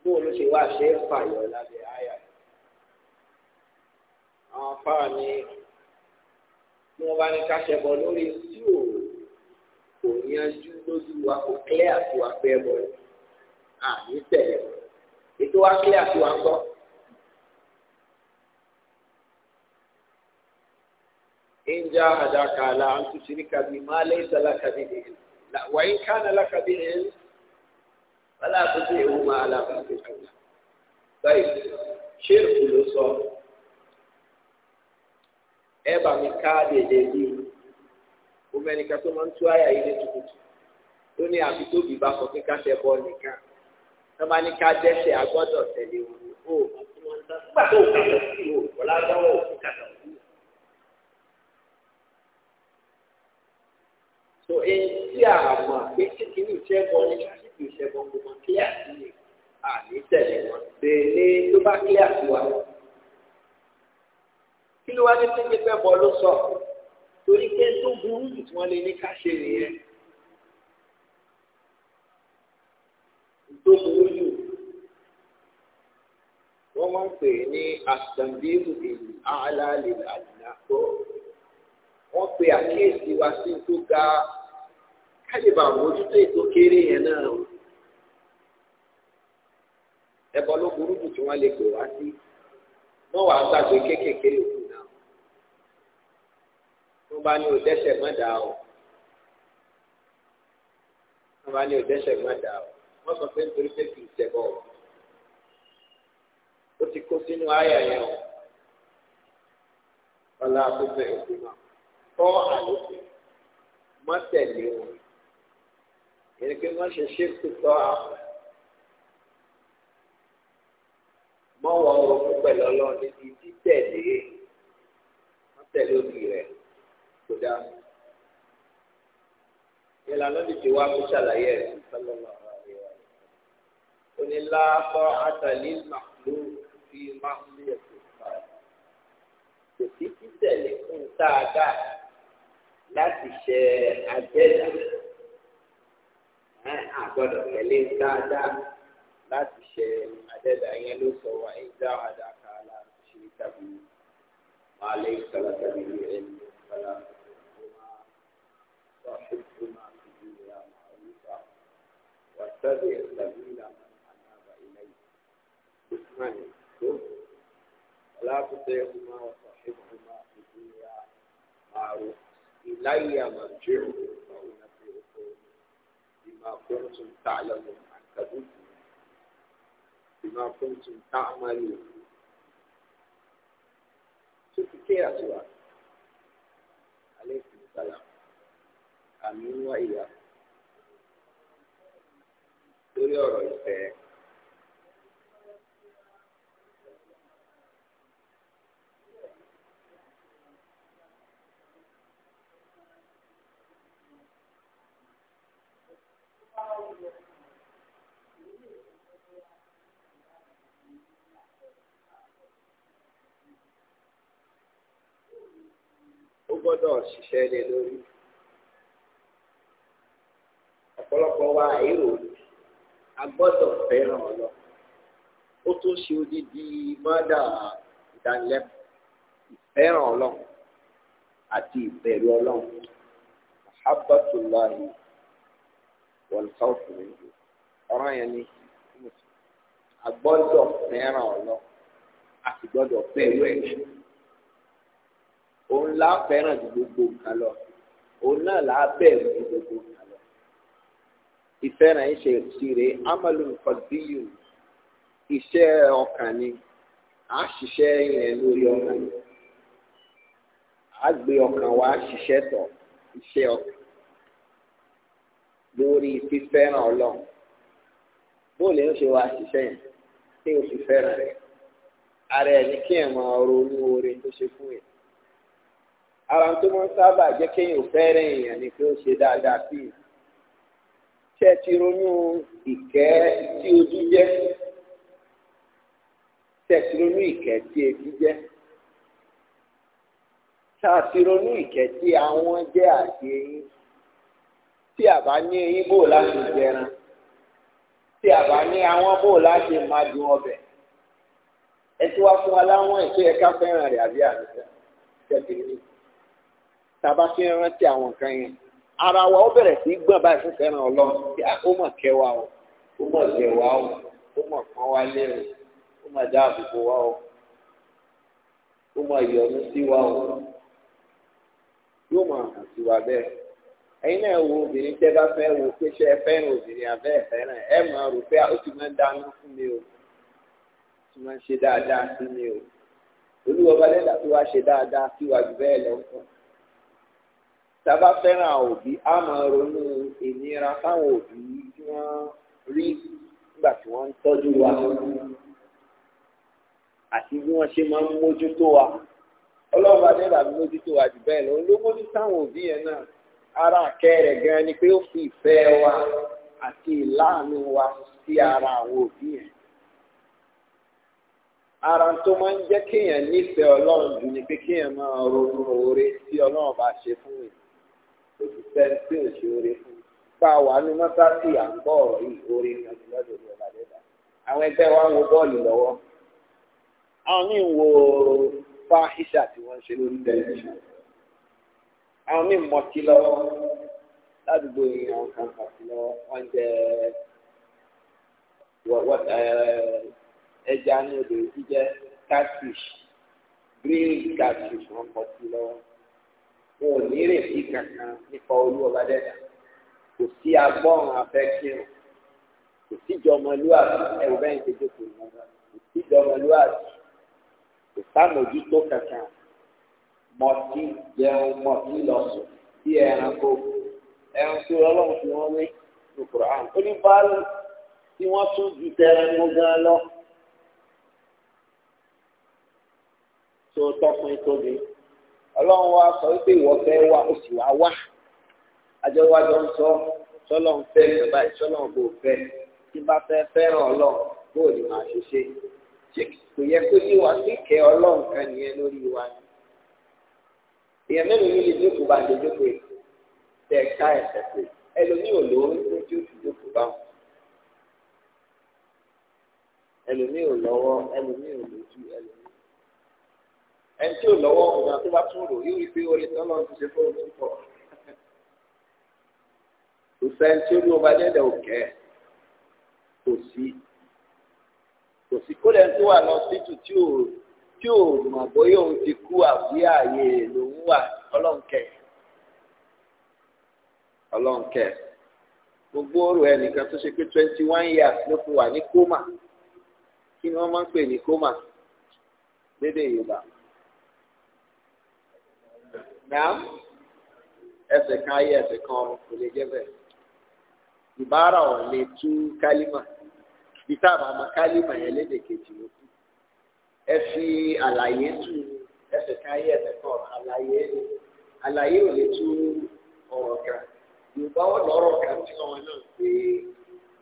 bí wọn ló ṣe wá ṣe é fàyọ lábẹ́ àyà yẹn àwọn afárá ni bí wọn bá ní ká ṣẹbọ lórí tí ò kò yanjú lójú wa kò clear àti wà pé ẹ bọ yìí àní tẹ́lẹ̀ ètò wa clear àti wà gbọ́. إن جاء جاهداك لا أن تشرك بما ليس لك به لا وإن كان لك به فلا تطيعهما على بعض طيب شرك الوصول ẹba mi ká dèdè bí omi ẹnìkan tó máa ń tú àyà yìí ní tukutu ó ní àfi tóbi bá sọ pé ká tẹ bọ nìkan tó máa ní ká dẹ́ṣẹ̀ agbọ́dọ̀ tẹ̀lé wọn ó nígbà tó kà sọ sí ìwò ọlágbáwọ òfin kàtà òfin so èyí tí a mọ̀ pé kékeré ìṣẹ́gun ní kíkì ìṣẹ́gun gbogbo kílíà sí ni àní tẹ̀lé wọn bèèrè tó bá clear sí wa. kí ló wá ní pínpín pẹ́ bọ́ ló sọ torí pé tó burú jù tí wọ́n lè ní ká ṣe nìyẹn. tó burú jù wọ́n máa ń pè ní àtàndínlù ìlú àlàálẹ̀ àdìlá wọ́n pe àkíyèsí wa sí tó ga kálíbà mójútó ètò kéré yẹn náà ẹbọ ló burú jù tí wọ́n lè pè wá sí wọ́n wàá gbàgbé kéékèèké yòókù náà wọ́n bá ní òdẹ́sẹ̀ má dáa o wọ́n bá ní òdẹ́sẹ̀ má dáa o wọ́n sọ pé nítorí pé kì í ṣẹbọ ó ti kó sínú àyà yẹn o ọlá akókò ẹ̀kú náà tọ́ àlòkù má tẹ̀lé wọn èyí pé má ṣe ṣe kú tọ́ àwọn mọ́ wọn ronú pẹ̀lú ọlọ́run níbi títẹ̀lé má tẹ̀lé òbí rẹ̀ kó dáa ìlànà tètè wá kó ṣàlàyé rẹ̀ sọ́lọ́lá rẹ̀ onílàáfọ́ àtàlí màlúù fi máa ń lé ẹ̀sìn fún wa kò sí títẹ̀lé fún táadáa. láti ṣe àjẹ́dà àgbọ̀dọ̀ tẹ̀lé dáadáa láti ṣe àjẹ́dà yẹn ló sọ wa ìdá àdàkà láti ṣe tàbí máa lè sọ̀rọ̀ tàbí ní ẹni ìfọ̀lá واتبع سبيل من أناب إليه اسمعي ولا تطيعهما وصاحبهما في الدنيا معروفا إلي مرجعكم فأنبئكم بما كنتم تعلمون عنكبوت بما كنتم تعملون tufikia tu alaykum salam amin wa iya lórí ọ̀rọ̀ ìfẹ́ ó gbọ́dọ̀ ṣiṣẹ́ lé lórí ọ̀pọ̀lọpọ̀ wa àìrò a gbọ́dọ̀ fẹ́ràn ọlọ ó tó ṣe odidi mọdà ìdánilẹ́kọ̀ọ́ ìfẹ́ràn Ọlọ́run àti ìbẹ̀rù Ọlọ́run mahabbatullahi wọlùkọ́ọ̀fù nìyí ọ̀rọ̀ yẹn ni a gbọ́dọ̀ fẹ́ràn ọ̀lọ́ a sì gbọ́dọ̀ bẹ̀rù ẹ̀ òun là á fẹ́ràn ju gbogbo nǹkan lọ òun náà là á bẹ̀rù ju gbogbo nǹkan lọ ìfẹ́ràn ìṣe ìṣirè amalu kọ̀díyù iṣẹ́ ọkàn ni a ṣiṣẹ́ yẹn lórí ọkàn ni a gbé ọkàn wa ṣiṣẹ́ tọ̀ iṣẹ́ ọkàn lórí fífẹ́ràn ọlọ́run bóòlù yóò ṣe wá ṣiṣẹ́ yẹn tí o fi fẹ́ràn rẹ̀ ara ẹ̀ ní kí ẹ̀ mọ ọrọ̀ olúwore tó ṣe fún yẹn ara tó máa ń sábà jẹ́ kéèyàn fẹ́ràn èèyàn ni pé ó ṣe dáadáa sí i ṣé ti ronú ìkẹ́ tí ojú jẹ́ ṣé ti ronú ìkẹ́ tí etí jẹ́ ṣé ẹ ronú ìkẹ́ tí àwọn jẹ́ àti eyín tí a bá ní eyín bò láti jẹran tí a bá ní àwọn bò láti máa dùn ọbẹ̀ ẹ tí wàá fún wa láwọn ètò ẹ̀ka fẹ́ràn rẹ̀ àbí àbíkẹ́ tẹ̀síní tàbá fi rántí àwọn nǹkan yẹn ara wa ó bẹ̀rẹ̀ sí gbọ̀n báyìí fún fẹ́ràn ọlọ́run tí a ó mọ̀ kẹwàá o ó mọ̀ jẹ̀wàá o ó mọ̀ kán wá lé o ó mọ̀ dá àbùkù wá o ó mọ̀ yọ̀ọ́nù sí wa o yóò mọ̀ hàn wa bẹ́ẹ̀ ẹ̀yin náà wo obìnrin tẹ́ bá fẹ́ wo pé ṣe ẹ fẹ́ràn obìnrin abẹ́ ẹ fẹ́ràn ẹ máa rò pé o ti máa ń dáná fún mi o ti máa ń ṣe dáadáa sí mi o olúwa ọba lẹ́dà tó wá ṣe dáadáa sí wa jù bẹ́ẹ̀ lọ́kọ́ tá a bá fẹ́ràn àwọn òbí a máa ronú ìnira fáwọn òbí tí wọ́n rí nígbà tí wọ́n ń tọ́jú wa àti bí wọ́n ṣe máa ń mójútó wa ọlọ́ọ̀ba lẹ́dà mójútó wa jù bẹ́ẹ̀ lọ ló mójútó àwọn òbí yẹn náà. ara àkẹrẹ gan ni pé ó fi ìfẹ́ wa àti wa sí ara àwọn òbí yẹn ara tó máa ń jẹ́ kéèyàn nífẹ̀ẹ́ ọlọ́run jù ni pé kéèyàn máa ronú oore tí ọlọ́run bá ṣe fún mi òṣìṣẹ́ tí ò ṣe oore fún mi bá a wà ní mọ́sáàsì à ń bọ̀ oore wa ń wo bọ́ọ̀lù lọ́wọ́ àwọn míì ń wo tí wọ́n ń ṣe àwọn míì mọtí lọ́wọ́ ládùúgbò yìí àwọn kan mọtí lọ́wọ́ wọ́n jẹ ẹja ní odò jíjẹ catfish green catfish wọ́n mọtí lọ́wọ́ wọn ò ní ìrètí kankan nípa olú ọba dẹ́ta kò sí agbọ́n afẹ́kírun kò síjọ ọmọlúwàbí ẹ̀rù bẹ́ẹ̀ ń ṣe jókòó ní ọba kò síjọ ọmọlúwàbí kò sáàmójútó kankan mọtí jẹun mọtí lọsùn bí ẹranko ẹran tí Ọlọ́run fi wọn lé ní Kùránì ó ní báàlù tí wọ́n tún ju tẹranko gan lọ. tó tọkùnrin tóbi Ọlọ́run wa sọ wípé ìwọ fẹ́ wá ó sì wá wá àjọwájọ ń sọ sọlọ́n fẹ́ bàbá ìsọlọ́n kò fẹ́ tí bá fẹ́ fẹ́ràn Ọlọ́run bóòlù máa ṣe ṣe kò yẹ kó yí wa sí Ọlọ́run kan nìyẹn lórí wa ni èèyàn mélòó ló lè jókòó bá lè jókòó yìí tẹ ká ẹsẹ̀ pé ẹlòmíì ò lówó ló jókòó jókòó bá wọn ẹlòmíì ò lọ́wọ́ ẹlòmíì ò lójú ẹlòmíì ẹni tí ò lọ́wọ́ ọ̀nà tó bá tún rò yóò rí pé orí tọ́lọ́ ti ṣe fóun tó pọ̀ kò sẹ́ni tí ó ní ọba dẹ́dẹ̀ òkè kò sí kò sí kó lẹ́nu tó wà lọ sí tù tí ò tí ò mọ̀ bóyá òun ti kú àbí ààyè lòun wà ọlọ́nkẹ́ ọlọ́nkẹ́ gbogbo ọ̀rọ̀ ẹnìkan tó ṣe pé twenty one years ló fi wà ní kómà kí ni wọ́n máa ń pè ní kómà lédè Yorùbá náà ẹsẹ̀ kan ayé ẹsẹ̀ kan ọrùn kò lè jẹ́ bẹ́ẹ̀ ìbára ọ̀ lè tú kálímà bí táàbà máa kálímà yẹn lédè kejì ló ẹ fi àlàyé tu ẹsẹ̀ kan ayé ẹsẹ̀ kan àlàyé àlàyé ò lè tu ọ̀rọ̀ kan yorùbá wọn lọ́rọ̀ kan tí wọn náà pé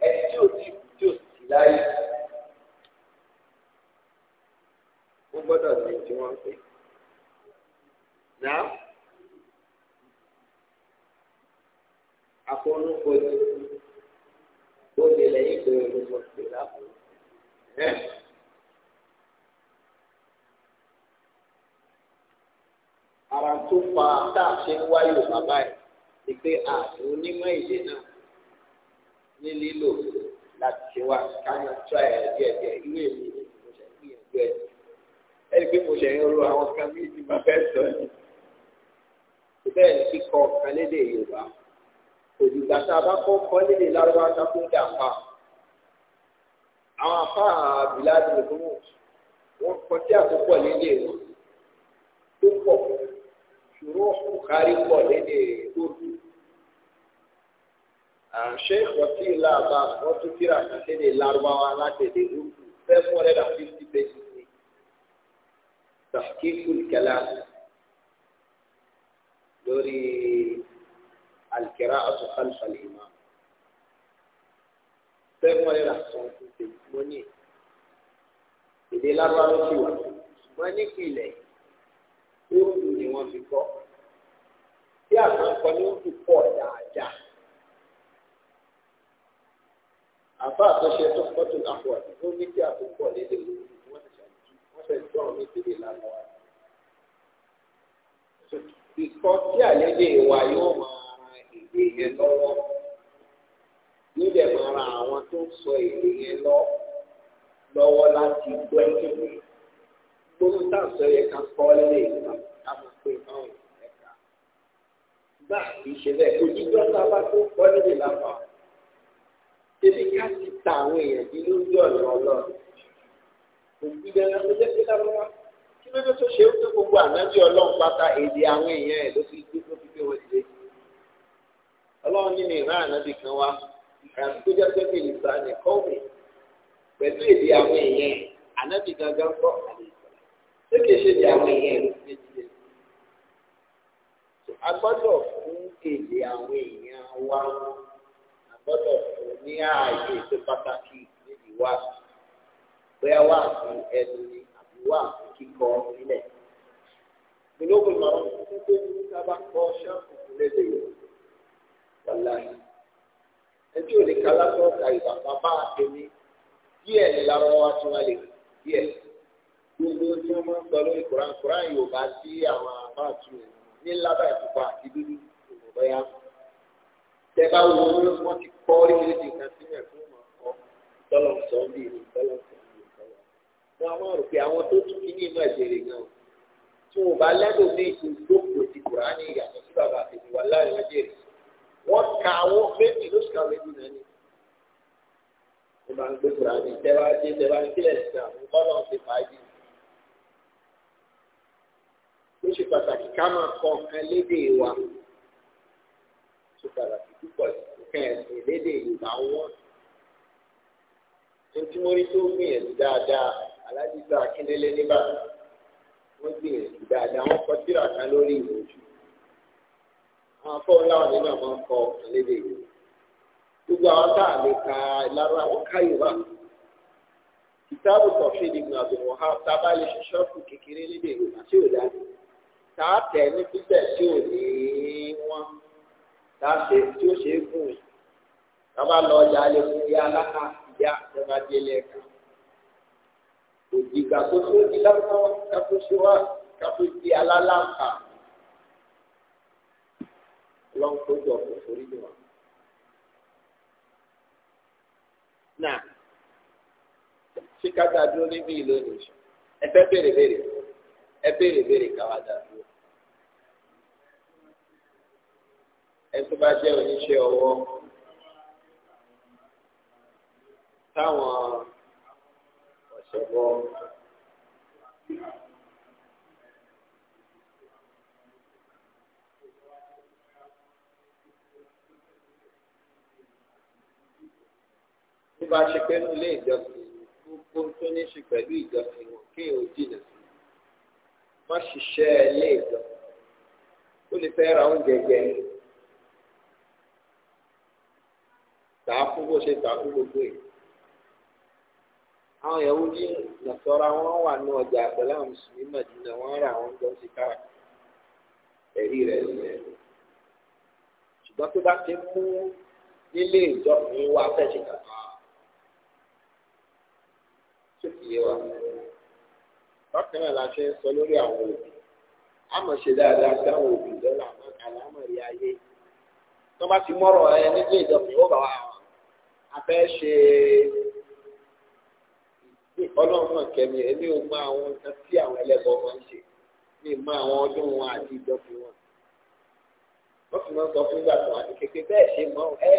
ẹni tí ò tí tí ò sì láyé ó gbọ́dọ̀ sí tí wọ́n pè náà àfọwọ́nukọ̀ọ́dún ó lè lẹ́yìn ìgbéyàwó lọ́sọ̀ọ́sẹ̀ láàbò. ara tó fa tá a ṣe ń wáyò bàbá ẹ̀ ni pé ààrùn onímọ̀ èdè náà ní lílò láti ṣe wá káyọ̀ tó ẹ̀ díẹ̀díẹ̀ irú èmi ni mo ṣe ń gbìyànjú ẹ̀ ẹni pé mo ṣe ń ro àwọn kan ní ti máa fẹ́ sọ ni bẹ́ẹ̀ ni kíkọ kan lédè Yorùbá òdìgbà tá a bá kọ́ kọ́ lárúbá tá a kó dà pa àwọn afá àbíládùn ìgbóhùn wọn kọ sí àkópọ̀ lédè wọn tó pọ̀ ṣùgbọ́n Bukhari pọ̀ lédè Urdu Sheikh Wasila Abbas wọ́n tún kíra kan lédè Lárúbáwá látẹ̀lé Urdu seven hundred and fifty pages ní tahqiqul kalam lórí al-qira'atu khalfa al-imam seven hundred and something pages mo ní èdè Lárúbáwá ló ti wà ṣùgbọ́n nípìnlẹ̀ Urdu wọ́n fi kọ́ tí àwọn nǹkan ní wọ́n fi kọ́ dáadáa àbá àtúnṣe tó kọ́ tó lápò àti tó ní kí àtúnkọ́ lélẹ̀ lórí wọ́n ti ṣàjú wọ́n fẹ́ gbọ́ àwọn ìdílé lánàá wa. ìkọ́ tí àlejò ìwà yóò máa ran èdè yẹn lọ́wọ́ yóò dẹ̀ máa ran àwọn tó ń sọ èdè yẹn lọ lọ́wọ́ láti gbọ́ ẹ̀kẹ́ mi gbóhùn táà sọ yẹ ká kọ́ lẹ́yìn ìgbà pé báwọn ẹ̀ka gbà kì í ṣe bẹ́ẹ̀ òjijì ọ̀tá bá tó pọ̀ nílé lápá ebi ká ti ta àwọn èèyàn bí lórí ọ̀nà ọlọ́run òbí dáná ló jẹ́ pé dáná wá kí ló dé tó ṣe é pé gbogbo ànábì ọlọ́run pátá èdè àwọn èèyàn ẹ̀ ló fi gbé tó fi gbé wọn dìde ọlọ́run nínú ìran ànábì kan wá àyàfi tó jẹ́ pé bèrè sá ní kọ́ọ̀mù pẹ̀lú èdè àwọn èèyàn ànábì gangan kọ́ àlejò ṣé kìí ṣe èdè àwọn èèyàn ẹ̀ ló fi gbé a gbọ́dọ̀ fún èdè àwọn èèyàn wa a fún ní ààyè tó pàtàkì níbi wá bóyá wà fún ẹnu ni àbí wà fún kíkọ sílẹ̀ gbólógbòó máa ń fún tó ní sábà kọ́ ṣáàpù lédè yìí wàlá yìí ẹjọ́ ò lè ka lásán ọ̀ka ìgbà bàbá àtẹ̀mí díẹ̀ ni lárọ́ wá tí wọ́n lè díẹ̀ gbogbo tí wọ́n máa ń sọ lórí kùrán kùrán Yorùbá sí àwọn àbá àtúnyẹ̀wò ní lábà ìpupa àti dúdú ìmọ̀bá yá. Tẹ bá wo wọ́n ti kọ́ oríṣiríṣi nǹkan sílẹ̀ fún ọmọ ọkọ tọ́lọ̀ sọ́ọ́bì ní tọ́lọ̀ sọ́ọ́bì ní tọ́lọ̀. Mo àwọn rò pé àwọn tó tún kíní ìmọ̀ ìbẹ̀rẹ̀ gan-an tí wọn bá lẹ́nu ní ìdókòó ti Kùránì ìyàtọ̀ sí bàbá àtẹ̀mí wà láàrin ọjọ́ èrè. Wọ́n ka ni. ká máa kọ nǹkan lédè wa tó padà sí púpọ̀ kẹ̀sìn lédè Yorùbá wọn. Ntí mo rí tó gbìyànjú dáadáa alájígbà Akíndélé nígbà wọ́n gbìyànjú dáadáa wọ́n kọ tírà kan lórí ìwòjú. Àwọn afọ́wọ́n láwọn nínú àwọn máa ń kọ nǹkan lédè Gbogbo àwọn tá a lè ka lára àwọn káyọ̀wá. Kìtáàbù Tọ̀fíìdì Ibn Abdul Wahab tábà lè ṣiṣọ́ fún kékeré lédè Yorùbá tí ò tààtẹ̀ ní títẹ̀ tí ò ní wọ́n tààtẹ̀ tí ó ṣe é gùn yìí tàbá lọ ọjà alẹ́ fún ìyá aláka ìyá ìjọba délé ẹ̀ka òjìgà tó tó di lásán kápó ṣe wá kápó di alálàǹkà lọ́n tó jọ ni wọn. náà ṣé kájà dúró níbí ìlú ìlú ẹgbẹ́ béèrè béèrè ẹ béèrè béèrè káwá dàbí o ẹ tó bá jẹ́ oníṣẹ́ ọwọ́ táwọn ọ̀ṣẹ̀bọ tó bá ṣe pé nílé ìjọsìn gbogbo tó ní ṣe pẹ̀lú ìjọsìn wọn kéèyàn ó jìnnà sí má ṣiṣẹ́ ilé ìjọ ó lè fẹ́ ra oúnjẹ jẹ ní tà á fún bó ṣe tà á fún gbogbo ẹ̀ àwọn ìyàwó ní nàṣọ́ra wọn wà ní ọjà àpẹlẹ àwọn mùsùlùmí màdínà wọn ra àwọn oúnjẹ sí kára ẹ̀rí rẹ̀ nìyẹn ṣùgbọ́n tó bá ti mú nílé ìjọ ní wàá fẹ́ ṣe kàkà tó kì í wà bákan náà la ṣe ń sọ lórí àwọn òbí àmọ̀ ṣe dáadáa sí àwọn òbí lọ́la àlámọ̀rí ayé tó bá ti mọ́rọ̀ ẹ nílé ìjọba ó bá wà abẹ́ ṣe ọlọ́run kẹ́mi èmi ò mọ àwọn nǹkan tí àwọn ẹlẹ́bọ̀ máa ń ṣe mi mọ àwọn ọdún wọn àti ìjọba wọn wọ́n fi máa ń sọ fún ìgbà tó àti kékeré bẹ́ẹ̀ ṣe mọ́ ẹ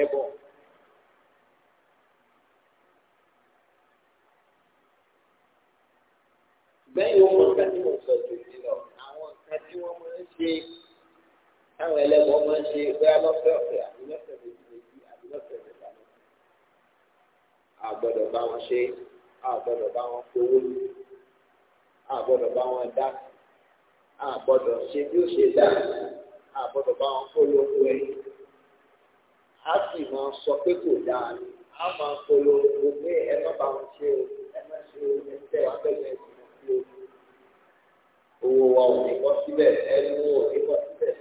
ẹ ẹ lẹ́yìn owó nǹkan tí mo sọ ju mi lọ àwọn nǹkan tí wọ́n máa ń ṣe táwọn ẹlẹ́gbọ́n máa ń ṣe bóyá lọ́fẹ̀ẹ́ ọ̀fẹ́ àbí lọ́fẹ̀ẹ́ méjì méjì àbí lọ́fẹ̀ẹ́ mẹ́ta lọ. àgbọ̀dọ̀ bá wọn ṣe àgbọ̀dọ̀ bá wọn fowó àgbọ̀dọ̀ bá wọn dá àgbọ̀dọ̀ ṣe bí ó ṣe dá àgbọ̀dọ̀ bá wọn polówó ẹ̀ á sì máa sọ pé kò dáa á máa polówó pé ẹ má bá wọn ṣe ẹ má ṣe ẹ tẹ wá bẹ́ẹ̀ owó wa ò ní bọ́ síbẹ̀ ẹnu ò ní bọ́ síbẹ̀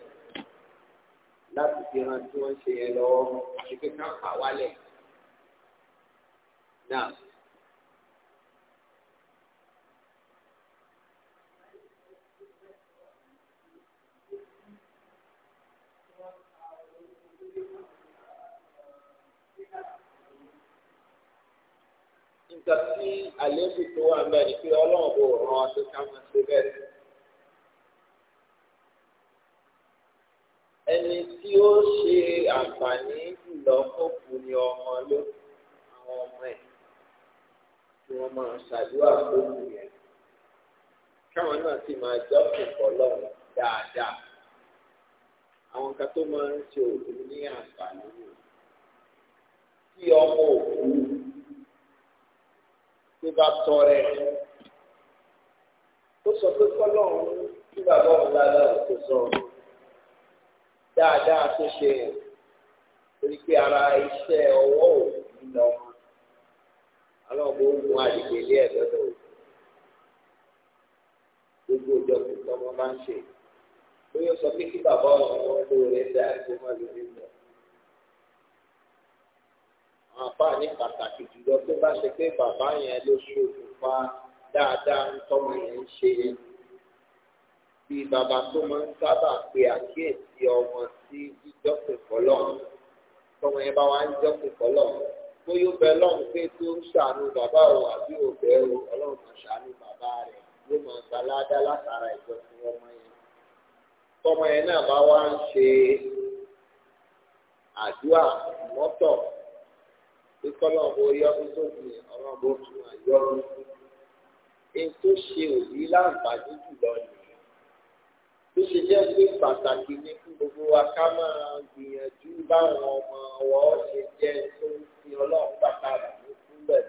láti fi hàn tí wọ́n ń ṣe yẹn lọ́wọ́ àti pé ká fà wálẹ̀ náà. nǹkan tí àléébù tó wà ń bẹ ni pé ọlọ́run bò rán ọdún ká máa ṣe bẹ́ẹ̀. ẹni tí ó ṣe àǹfààní jùlọ fòkù ni ọmọ ló àwọn ọmọ ẹ̀ tí wọ́n máa ṣàdúrà fòkù yẹn káwọn náà sì máa jọ́sìn fọlọ́run dáadáa àwọn kan tó máa ń ṣe òkú ní àǹfààní yìí tí ọmọ òkú tó bá tọ́ rẹ̀ ó sọ pé kọ́lọ́hún tí bàbá òun dáadáa ò tó sọ dáadáa tó ṣe torí pé ara iṣẹ́ ọwọ́ òun lọ aláwọ̀ òun àdìgbè ilé ẹ̀ lọ́dọ̀ òun gbogbo ọjọ́ tó tọ́ ọmọ máa ń ṣe ó yóò sọ pé kí bàbá òun lọ́wọ́ lóore dáa kó má lóore lọ àpá ní pàtàkì jùlọ tó bá ṣe pé bàbá yẹn ló ṣokùnfà dáadáa ń tọ́mọ yẹn ń ṣe yẹn bí bàbá tó máa ń sábà pe àkíyèsí ọmọ sí jíjọ́sìn fọlọ́ tọmọ yẹn bá wá ń jọ́sìn fọlọ́ bóyá bẹ lọ́n pé tó ń ṣàánú bàbá o àbí òbẹ́ o ọlọ́run kan ṣàánú bàbá rẹ̀ yóò máa gbaládá látara ìjọsìn ọmọ yẹn tọmọ yẹn náà bá wá ń ṣe àdúrà mọ́tọ̀ pé kọ́lọ́ ọ̀bọ yọnu tó fi ọ̀rọ̀ ọ̀bọ tó máa yọnu. Èyí tó ṣe òbí láǹfààní jùlọ nìyí. Tó ṣe jẹ́ pé pàtàkì ni fún gbogbo wa ká máa gbìyànjú báwọn ọmọ ọwọ́ ṣe jẹ́ tó ń fi ọlọ́run pàtàkì ní fúnbẹ̀.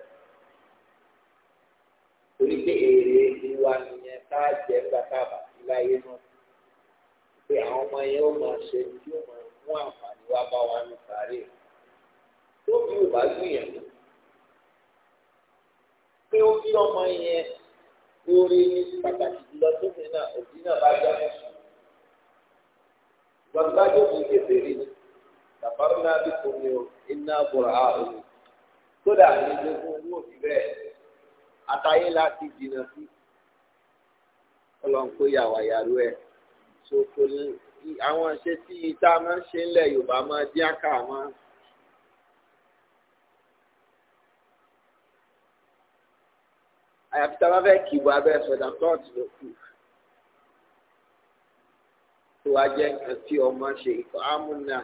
Torí pé èrè ìwà nìyẹn ká jẹ́ gbàtàbà sí láyé náà. Pé àwọn ọmọ yẹn ó máa ṣe tí ó máa mú àǹfààní wá bá wa ní sàárè rẹ̀ tó bí ò bá gbìyànjú pé ó bí ọmọ yẹn oore ní pàtàkì jùlọ tó fi náà òbí náà bá já mọ́sùn gbàgbá yóò fi kẹfẹ rí ni tàbárò náà bí kò ní o iná bọ̀rọ̀ ààrùn kódà ní gbogbo owó òbí bẹ́ẹ̀ àtàyè láti jìnnà sí ọlọ́nkó yàwá yàrá ẹ̀ ṣòkòlù àwọn ṣe ìta máa ń ṣe ńlẹ̀ Yorùbá máa dín àkà máa. àyàfi tá a bá fẹ́ kì í bọ abẹ́ sọ̀dà tọ́ọ̀tì ló kù tó wá jẹ́ nǹkan tí ọmọ ṣe ìkọ́ ámúnà.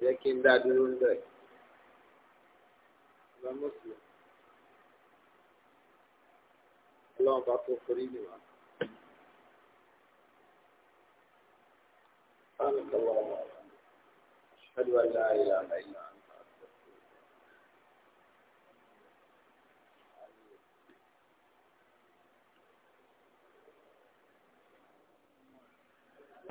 jẹ́ kí n dá dúró ń bẹ̀. ọlọ́run bá tó forí nìwọ̀n. سبحانك اللهم وبحمدك أشهد أن لا إله إلا أنت